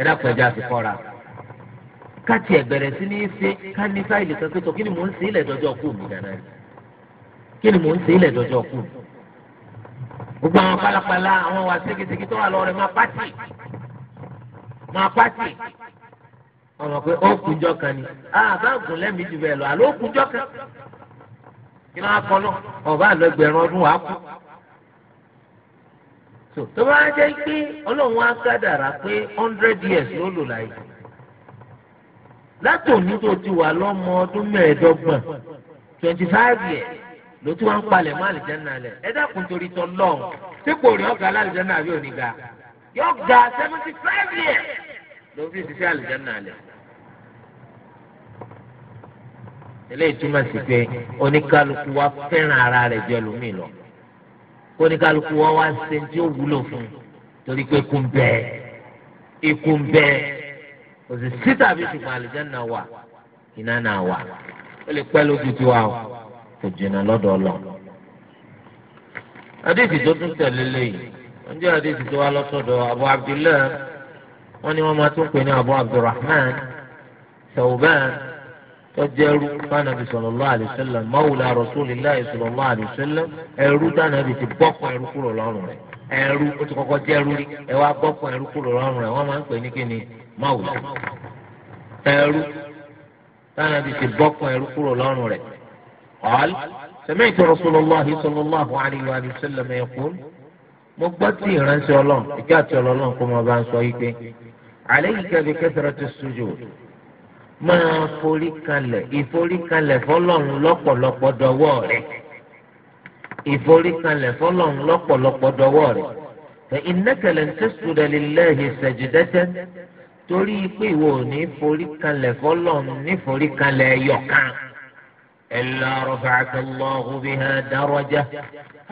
ẹ dákun fi kọ́ra káàtì ẹ̀bẹ̀rẹ̀ sí ní í ṣe ká ní fáìlì kan pẹ́tọ́ kí ni mò ń ṣe ilẹ̀ dọ́jọ́ kù mí dáná ni kí ni mò ń ṣe ilẹ̀ dọ́jọ́ kù mí. gbogbo àwọn pálapàla àwọn wà ségesège tó wà lọ rẹ máa pàtì máa pàtì ọmọ pé ó kúnjọ ni àbá ah, ògùn lẹ́mìí jù bẹ́ẹ̀ lọ kí ló á kọ náà ọba àlọgbẹrún ọdún wàá kú. tó bá jẹ́ pé ọlọ́run á kádàrà pé hundred years ló lò láyé látòní tó ti wà lọ́mọ ọdún mẹ́ẹ̀ẹ́dọ́gbọ̀n twenty five years ló ti wá ń palẹ̀ mọ́ àlìjẹ́nà rẹ̀ ẹ dákun torí tọ́ lọ́ọ̀ ọ̀gá rẹ̀ fi ṣiṣẹ́ àlìjẹ́nà rẹ̀. eléyìí túmọ̀ sí pé oníkálukú wa fẹ́ràn ara rẹ̀ jẹ́ lómi lọ oníkálukú wa wá ṣe tí ó wúlò fún torí pé kún bẹ́ẹ̀ ikú bẹ́ẹ̀ òsì síta bí ṣùgbọ́n àlùjánnà wà iná náà wà ó lè pẹ́ lójú tiwa o kò jìnnà lọ́dọ̀ ọlọ́ adéèsì tó tún tẹ̀lé lẹ́yìn wọ́n jẹ́ adéèsì tó wá lọ́sọ̀dọ̀ Abu Abdullah wọ́n ní wọ́n máa tún pè ní Abu Abdurrahman Thawban tọ́jẹ́rú fanabi sallallahu alaihi wasallam mawla rasulillahi sallallahu alaihi wasallam ẹrú tànàbì ti bọ́kùn ẹrú kúrò lọ́rùn rẹ̀ ẹrú ó ti kọ́kọ́ jẹ́rú rí ẹ wá bọ́kùn ẹrú kúrò lọ́rùn rẹ̀ wọ́n máa ń pè ní kíni mawla ẹrú tànàbì ti bọ́kùn ẹrú kúrò lọ́rùn rẹ̀ ọ̀l sami'tu rasulullahi sallallahu alaihi wasallam yaqul mo gbọ́ tí ìránṣẹ́ ọlọ́run ìkẹ́ àti ọlọ́run kó máa forí kalẹ̀ ìforí kalẹ̀ fọlọ́run lọ́pọ̀lọpọ̀ dọwọ́ rẹ̀ ìforí kalẹ̀ fọlọ́run lọ́pọ̀lọpọ̀ dọwọ́ rẹ̀ fa innaka lan tasjuda lillahi sajdatan torí pé ìwọ ò ní forí kalẹ̀ fọlọ́run ní forí kalẹ̀ ẹ̀yọ̀kan illa rafa'aka Allahu biha daraja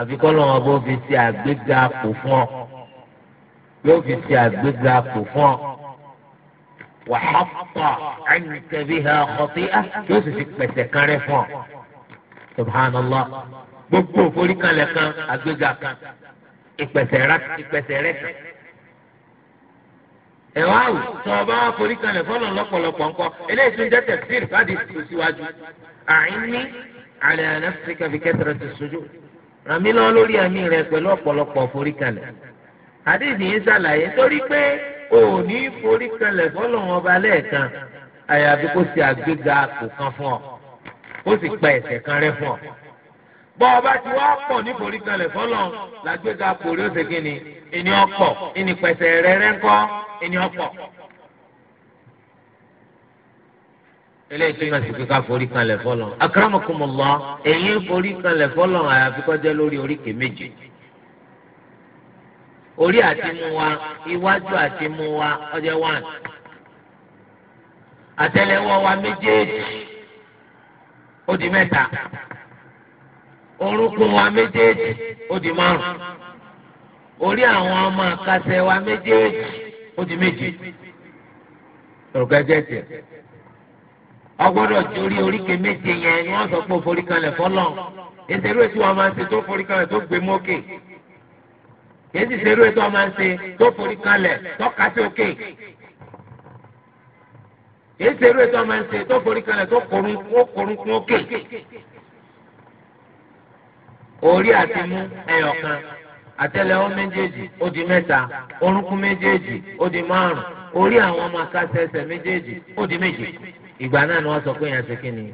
àfikọ́ lọ́wọ́ bó fi ṣe fi ṣe àgbéga kò fún ọ. وحط عنك بها خطيئة يوسف بسكر فون سبحان الله gbogbo ìforíkalẹ̀ kan àgbéga kan ìpẹ̀sẹ̀ rẹ kan ẹ̀wá àwù tó ọba ìforíkalẹ̀ fọlọ́ lọ́pọ̀lọpọ̀ ńkọ eléyìí tún jẹ́ tẹ̀síìrì káàdì tó síwájú àyín ní àlẹ́ ànáfíì kẹfì kẹtẹrẹ ti sojú ràmí lọ lórí àmì rẹ pẹ̀lú ọ̀pọ̀lọpọ̀ ìforíkalẹ̀ àdéhìí ń ṣàlàyé torí pé o ò ní forí kanlẹ̀ fọlọ́run ọba lẹ́ẹ̀kan àyàfi kó ṣe àgbéga kò kan fún ọ kó sì pa ẹ̀ṣẹ̀ kan rẹ́ fún ọ bọ́ ọba tí wàá pọ̀ níforí kalẹ̀ fọlọ́ làgbéga kòrí ọ̀sẹ̀ kìíní ìní ọ̀pọ̀ ìní pẹ̀sẹ̀ rẹ̀ rẹ̀ ńkọ́ ìní ọ̀pọ̀. eléyìí tó yàn sí kíkà forí kalẹ̀ fọlọ́ akramakumullah èyí forí kalẹ̀ fọlọ́ àyàfi kọjá lórí oríkèé méje. orí àti mú wa iwájú àti mú wa ọjọ́ one wa méjèèjì ó di mẹ́ta orúnkún wa méjèèjì ó di márùn orí àwọn ọmọ àkàsẹ̀ wa méjèèjì ó di méjì ọ̀gájẹ́ tiẹ̀ ọgbọ́dọ̀ torí oríkè méje yẹn ni wọ́n sọ pé forí ètò kìí sì ṣerú ètò ọmọ ṣe tó forí kalẹ̀ tọ́ka sí òkè kìí ṣerú ètò ọmọ ṣe tó forí kalẹ̀ tó korun kún òkè orí àti mú ẹyọ kan àtẹ́lẹwọ́ méjèèjì ó di mẹ́ta orúnkún méjèèjì ó di márùn orí àwọn ọmọ akásẹsẹ méjèèjì ó di méje ìgbà náà ni wọ́n sọ pé èèyàn ṣe kí ni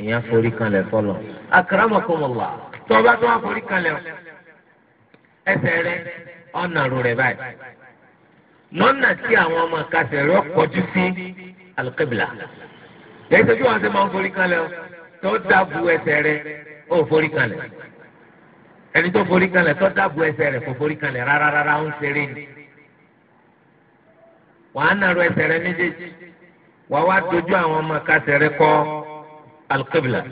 èèyàn forí kalẹ̀ fọlọ akaramakomola tọba tó wà forí kalẹ̀ ẹsẹ̀ rẹ ọ̀nà ru rẹ̀ báyìí lọ́nà tí àwọn ọmọ kasẹ̀ rẹ̀ kọjú sí alùkẹ́bìlà ẹsẹ̀ bí wọ́n ṣe máa ń forí kalẹ̀ o tó dàbù ẹsẹ̀ rẹ̀ ó forí kalẹ̀ ẹni tó forí kalẹ̀ tó dàbù ẹsẹ̀ rẹ̀ kò forí kalẹ̀ rárá rárá ń ṣeré ni wàá nàró ẹsẹ̀ rẹ̀ méjèèjì wàá wá dojú àwọn ọmọ kasẹ̀ rẹ̀ kọ alùkẹ́bìlà.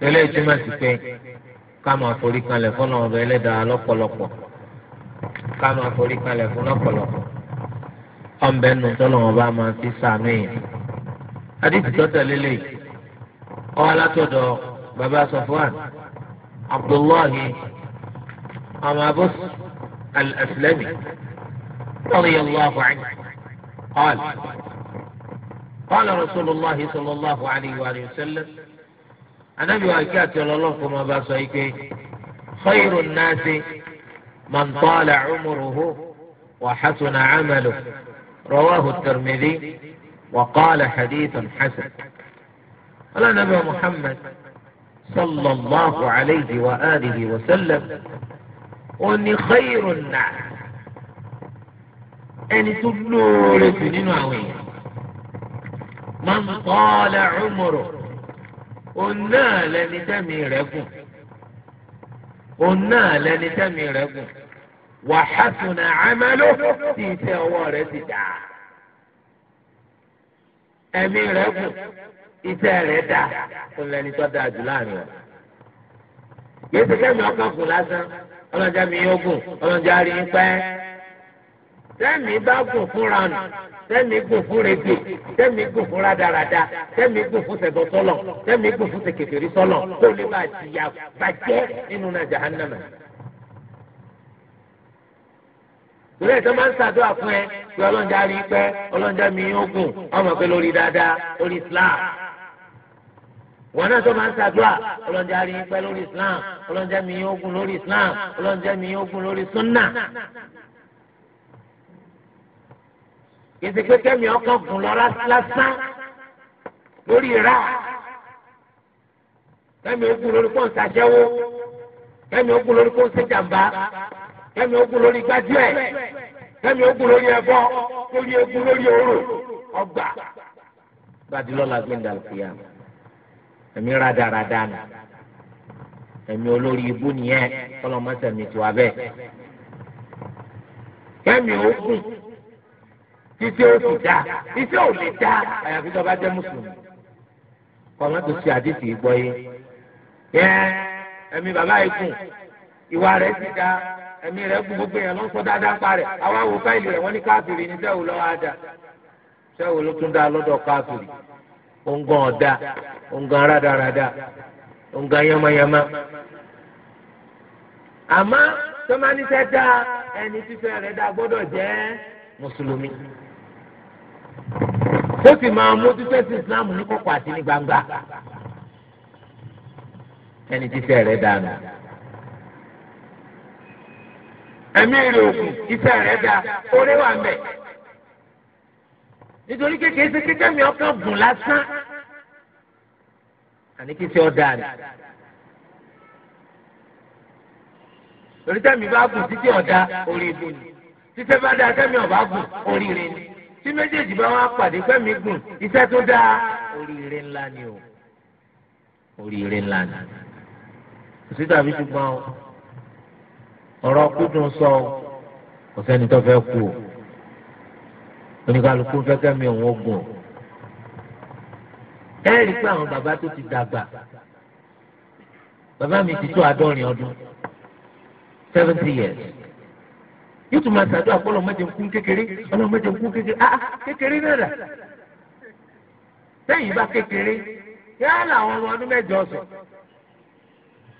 tẹ́lẹ̀ túmọ̀ sí pé ká máa forí kalẹ̀ fún ọ̀nà ọ̀bẹ ẹlẹ́dàá lọ́pọ̀lọpọ̀ ká máa forí kalẹ̀ fún lọ́pọ̀lọpọ̀ ọ̀nbẹ nù tọ́lọ̀ wọn bá máa fi sàánú yìí. adíjì tọ́tẹ̀ lélẹ̀ ọ alátọ̀dọ̀ bàbá sọfúàn abdullahi ọmọ abus al-aslami radiyallahu anhu قال قال رسول الله صلى الله عليه وآله وسلم anabi wa ike àti ọlọ́lọ́ kó máa bá sọ yìí pé khayrun nasi man tala umruhu wa hasuna amaluhu rawahu tirmidhi wa qala hadithun hasan. ọlọ́nàbí muhammad sallallahu alayhi wa alihi wa sallam ó ní khayrun nasi ẹni tó lóore jù nínú àwọn èèyàn man òun náà lẹni tẹ́mi rẹ̀ gùn òun lẹni tẹ́mi rẹ̀ gùn wàhásùnà àmàlò tí ti dà ẹ̀mí rẹ̀ gùn dà lẹni tó dáa jù láàrin wọn yéésì kẹ́mi ọkàn kù lásán ọlọ́jà mi yóò tẹ́mi bá gùn fúnra nù tẹ́mi gùn fún rege tẹ́mi gùn fún rádaràda tẹ́mi gùn fún sẹ̀bọ̀ sọ́lọ̀ tẹ́mi gùn fún sẹ̀kẹ̀tẹ̀rí sọ́lọ̀ kó lè bá jìyà bàjẹ́ nínú náà jahannama. ìrẹ́ ìtọ́ máa ń ṣàdúrà fún ẹ pé ọlọ́njà rí i pé ọlọ́njà mi yóò gùn ọmọ pé lórí dáadáa lórí Islam wọn náà tó máa ń ṣàdúrà ọlọ́njà rí i pé lórí Islam ọlọ́njà mi yóò gùn lórí Islam ọlọ́njà mi yóò gùn lórí Sunnah ìsìnkú kẹ́mi ọkàn gùn lọ lásán lórí ìrà kẹ́mi ogun lórí kó ń sàṣẹ́wó kẹ́mi ogun lórí kó ń ṣèjàmbá kẹ́mi ogun lórí gbájúẹ̀ kẹ́mi ogun lórí ẹbọ lórí egun lórí orò ọgbà gbadilọ́la gbẹ̀ndà lùkìyà ẹ̀mí rádaràdà nù ẹ̀mí olórí ibú nìyẹn kọ́lọ́mọ́sẹ̀mí tiwa bẹ́ẹ̀ kẹ́mi ogun. iṣẹ́ o ti da iṣẹ́ o le da àyàfi tó bá jẹ́ mùsùlùmí. kọ́mọ́tò sí àdìsí gbọ́ yé ẹ ẹ̀mí bàbá yìí kù ìwà rẹ̀ ti dá ẹ̀mí rẹ̀ kù gbogbo yẹn ló ń sọ dáadáa pa rẹ̀ àwa wò fáìlì rẹ̀ wọ́n ní káfíìrì ní lọ́wọ́ ló tún dá yamayama àmọ́ tọ́mánísẹ́ dá ẹni fífẹ́ rẹ̀ dá gbọ́dọ̀ ó sì máa mójútó sí islam ní kọ̀kọ̀ àti ní gbangba ẹni tíṣẹ́ rẹ̀ dànù ẹ̀mí rẹ̀ òkú iṣẹ́ rẹ̀ dà orí wà mẹ́ nítorí kékeré sí kékeré mi ọkàn gùn lásán àní kí ṣe ọ̀dà rẹ̀ torí tẹ́mi bá gùn títí ọ̀dà orí ibu títí bá dá tẹ́mi ọ̀bá gùn orí rẹ̀ ni tí méjèèjì bá wá pàdé fẹ́mi gùn iṣẹ́ tó dáa oríire ńlá ni o oríire ńlá ni kò sí tàbí ṣùgbọ́n o ọ̀rọ̀ kúndùn sọ o kò sẹ́ni tó fẹ́ kú o oníkàlùkù fẹ́ kẹ́mi òun ó gùn o ẹ rí i pé àwọn bàbá tó ti dàgbà bàbá mi ti tó àádọ́rin ọdún seventy years yóò tún máa ṣàdúrà pé ọlọ́mọdé ń kú kékeré ọlọ́mọdé ń kú kékeré ah, ah kékeré náà rà sẹ́yìn bá kékeré yálà àwọn ọmọ ọdún mẹ́jọ ọ̀sọ̀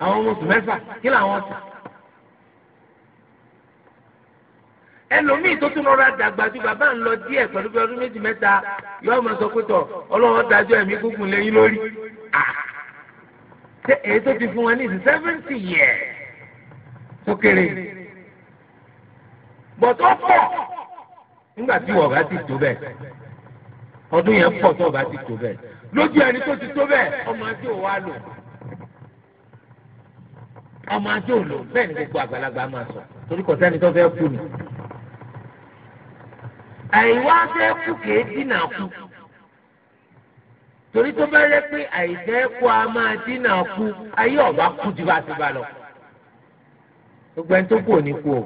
àwọn ọmọ oṣù mẹ́fà kí làwọn ọ̀sọ̀ ẹlòmíì tó tún lọ́ra dàgbà ju bàbá ń lọ díẹ̀ pẹ̀lú bí ọdún méjì mẹ́ta yọ ọmọ sọ pé tọ̀ ọlọ́wọ́ dájọ́ ẹ̀mí gúngun lẹ́yìn lórí ah. èyí tó ti fún wọn ní seventy years tó kéré. bọ̀tọ̀ pọ̀ nígbà tí wọ́n bá ti tó bẹ́ẹ̀ ọdún yẹn pọ̀ tó bá ti tó bẹ́ẹ̀ lójú ẹni tó ti tó bẹ́ẹ̀ ọmọ ajé ò wá lò ọmọ ajé ò bẹ́ẹ̀ ni gbogbo àgbàlagbà máa sọ torí kò sẹ́ni tó fẹ́ kú ni àìwá fẹ́ kú kèé dínà kú torí tó bá yẹ pé àìjẹ́ kó a máa dínà kú ayé ọ̀bá kú ti bá ti bá lọ gbogbo ẹni tó kù ò ní kú o.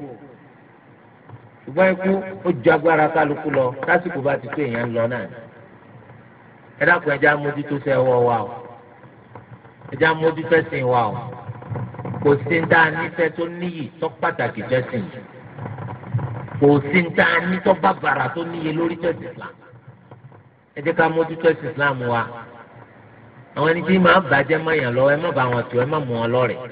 ṣùgbọ́n ikú ó ju agbára kálukú lọ lásìkò bá ti tó èèyàn lọ náà ẹ dákun ẹ jẹ́ amójútó sẹ́wọ́ wa o ẹ jẹ́ amójútó ẹ̀sìn wa o kò sí ń tá a nífẹ̀ẹ́ tó níyì tó pàtàkì fẹ́sìn kò sí ń tá a ní bàbàrà tó níye lórí tẹ̀sí Islam ẹ jẹ́ ká mójútó ẹ̀sìn Islam wa àwọn ẹni tí máa bàjẹ́ mọ́yàn lọ ẹ má bá wọn tù ẹ má mú wọn lọ́rẹ̀ẹ́.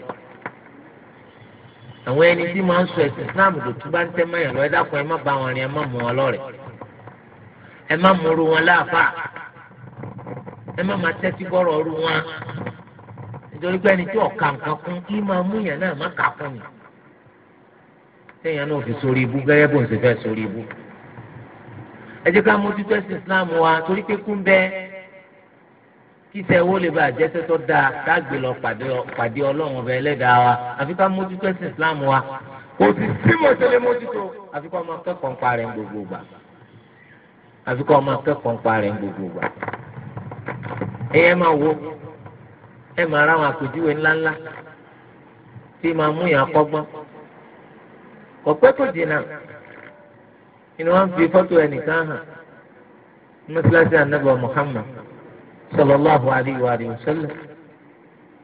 àwọn ẹni tí máa ń sọ islam dòtú bá ń tẹ́ mọ́ ẹ̀rọ ẹ dákun ẹ má bá wọn rìn ẹ má mú wọn ẹ má wọn láàfà ẹ má máa tẹ́tí bọ́rọ̀ wọn nítorí pé ẹni tí ọ̀ka nǹkan kún kí máa mú yàn náà má kà fi sórí ibú gẹ́gẹ́ bó ń ṣe fẹ́ sórí ibú ẹ jẹ́ ká wa torí pé kún bẹ́ẹ̀ kíṣẹ́ owó lè bá àjẹsẹ́ tó dáa dágbé lọ pàdé ọlọ́run ọba ẹlẹ́dàá wa àfi ká mójútó ẹ̀sìn islam wa kò sí sí mo ṣe lè mójútó àfi ká ọmọ akẹ́kọ̀ọ́ ń parẹ́ gbogbo gbà àfi ká ọmọ akẹ́kọ̀ọ́ ń parẹ́ gbogbo gbà. ẹyẹ máa wo ẹ máa ra àwọn àpèjúwe ńláńlá tí máa mú yàn kọ́gbọ́n kò pẹ́ kò jìnnà ni wọ́n fi fọ́tò ẹnìkan hàn mọ́sálásí ànábọ̀ Muhammad sallallahu alayhi wa sallam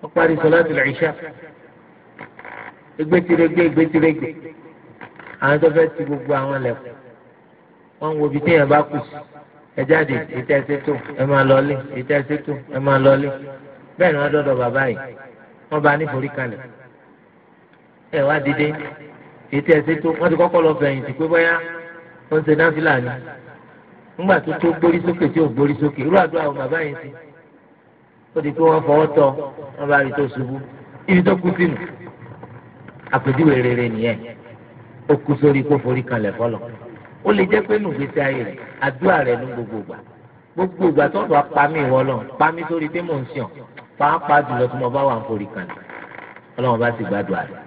wọ́n parí sọláàtì ìṣá ìgbẹ́tìrẹ́gbẹ́ ìgbẹ́tìrẹ́gbẹ́ àwọn tó fẹ́ ti gbogbo àwọn lẹ̀kọ́ wọ́n ń wo ibi téèyàn bá kù sí ẹ jáde ètò ẹsẹ̀ tó ẹ máa lọlé ètò ẹsẹ̀ tó ẹ máa lọlé bẹ́ẹ̀ ni wọ́n dọ́dọ̀ bàbá yìí wọ́n bá níforí kalẹ̀ ẹ wá dìde ètò ẹsẹ̀ tó wọ́n ti kọ́kọ́ lọ fẹ̀yìntì pé bóyá ó ń ṣe náfìlà ni ńgbà tó tó gbórí sókè tí ò gbórí sókè irú àdúrà àwọn bàbá yẹn ti ó di pé wọ́n fọwọ́ tọ wọ́n bá rí tó ṣubú ibi tó kú sínú àpèjúwe rere nìyẹn ó kú sórí kó forí kanlẹ̀ fọlọ́ ó lè jẹ́ pé nù gbèsè ayé rẹ̀ àdúrà rẹ̀ ní gbogbo ìgbà gbogbo ìgbà tó bá pa mí ìwọ lọ pa mí sórí pé mò ń sìn pàápàá jùlọ tí mo bá wà ń forí kanlẹ̀ ọlọ́run bá sì gbàdúrà rẹ̀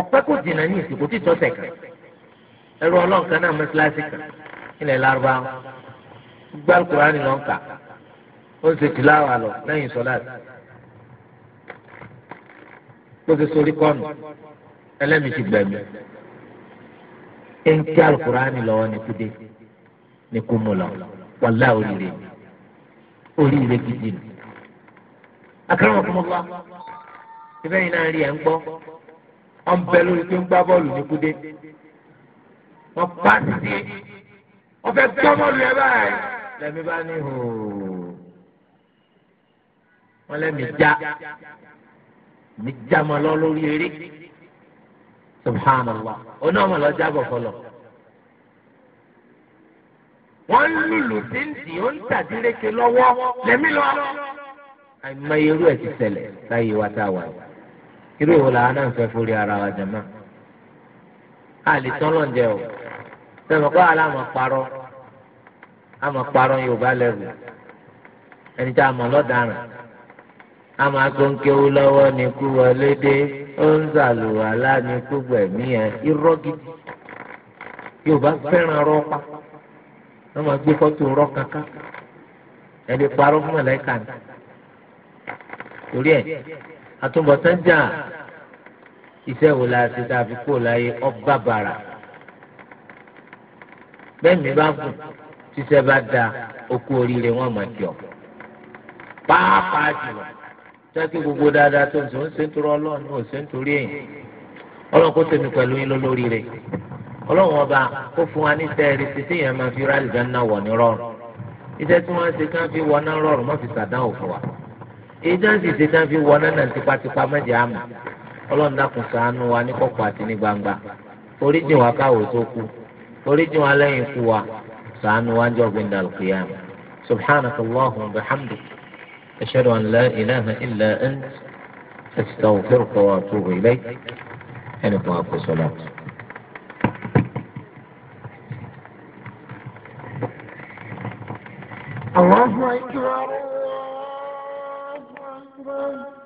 ọ̀pẹ́ kò jìnnà ní ìsìnkú títọ́ tẹ̀ ilẹ̀ larubá gbá alukurani lọ kà ó ń ṣe tìláwà lọ lẹ́yìn sọ́láàtì kó ti sori kọ́nù ẹlẹ́mìí ti gbẹ̀mí ẹnkí alukurani lọ́wọ́ ni kúdé ni kú mu lọ wàlá oríire oríire gidi ni. akramakumullah ibẹ̀ yìí náà rí ẹ̀ ń gbọ́ ọ̀n bẹ lórí tó ń gbá bọ́ọ̀lù ní kúdé wọ́n ọ̀fẹ́ gbọ́mọ̀lù ẹ báyìí lẹ́mi bá ní hò wọ́n lẹ́mi já mi já mọ́ lọ lórí eré subhanallah oní ọmọ lọ jábọ̀ fọlọ́ wọ́n lùlù díndín ó ń tàdíreke lọ́wọ́ lẹ́mi lọ àìmọye irú ẹ̀ ti ṣẹlẹ̀ láyé wa tá a wà yìí irú ìwòlá náà ń fẹ́ forí ara wa jẹ mọ́ àlè tán lọ́njẹ o. sọ̀rọ̀ kọ́ aláàmọ̀ parọ́ àmọ̀ parọ́ yorùbá lẹ́rù ẹni tí a mọ̀ lọ́daràn àmọ̀ agbóńkéwó lọ́wọ́ ni wọlé dé ó ń zàlùwà láàmì kú gbẹ̀mí ẹ̀ irọ́ gidi yorùbá fẹ́ràn wọ́n máa gbé rọ́ kankan ẹni parọ́ fún mọ̀lẹ́kà ni torí ẹ̀ àtúbọ̀tán jà iṣẹ́ la ṣe bẹ́ẹ̀ mi bá gùn tíṣẹ́ bá da okú oríire wọn máa kí ọ. pàápàá jùlọ jákè gbogbo dáadáa tó ń sọ ń ṣe ń torí ọlọ́run ṣe ń torí ọlọ́run ọba kó fún wa ní sẹ́ẹ̀rì sí tí máa fi rálì bẹ́ẹ̀ náà wọ̀ ní rọrùn iṣẹ́ tí wọ́n ṣe káfí rọrùn fi wa èyí tí wọ́n sì wa ní àti foríjì wọn lẹ́yìn ikú wa ṣàánú wa jọ gbẹndà alqiyam subhanaka allahu wa bihamdi ashhadu an la ilaha illa ant astaghfiruka wa atubu ilayk ẹnì kan àkóso láti. الله أكبر الله أكبر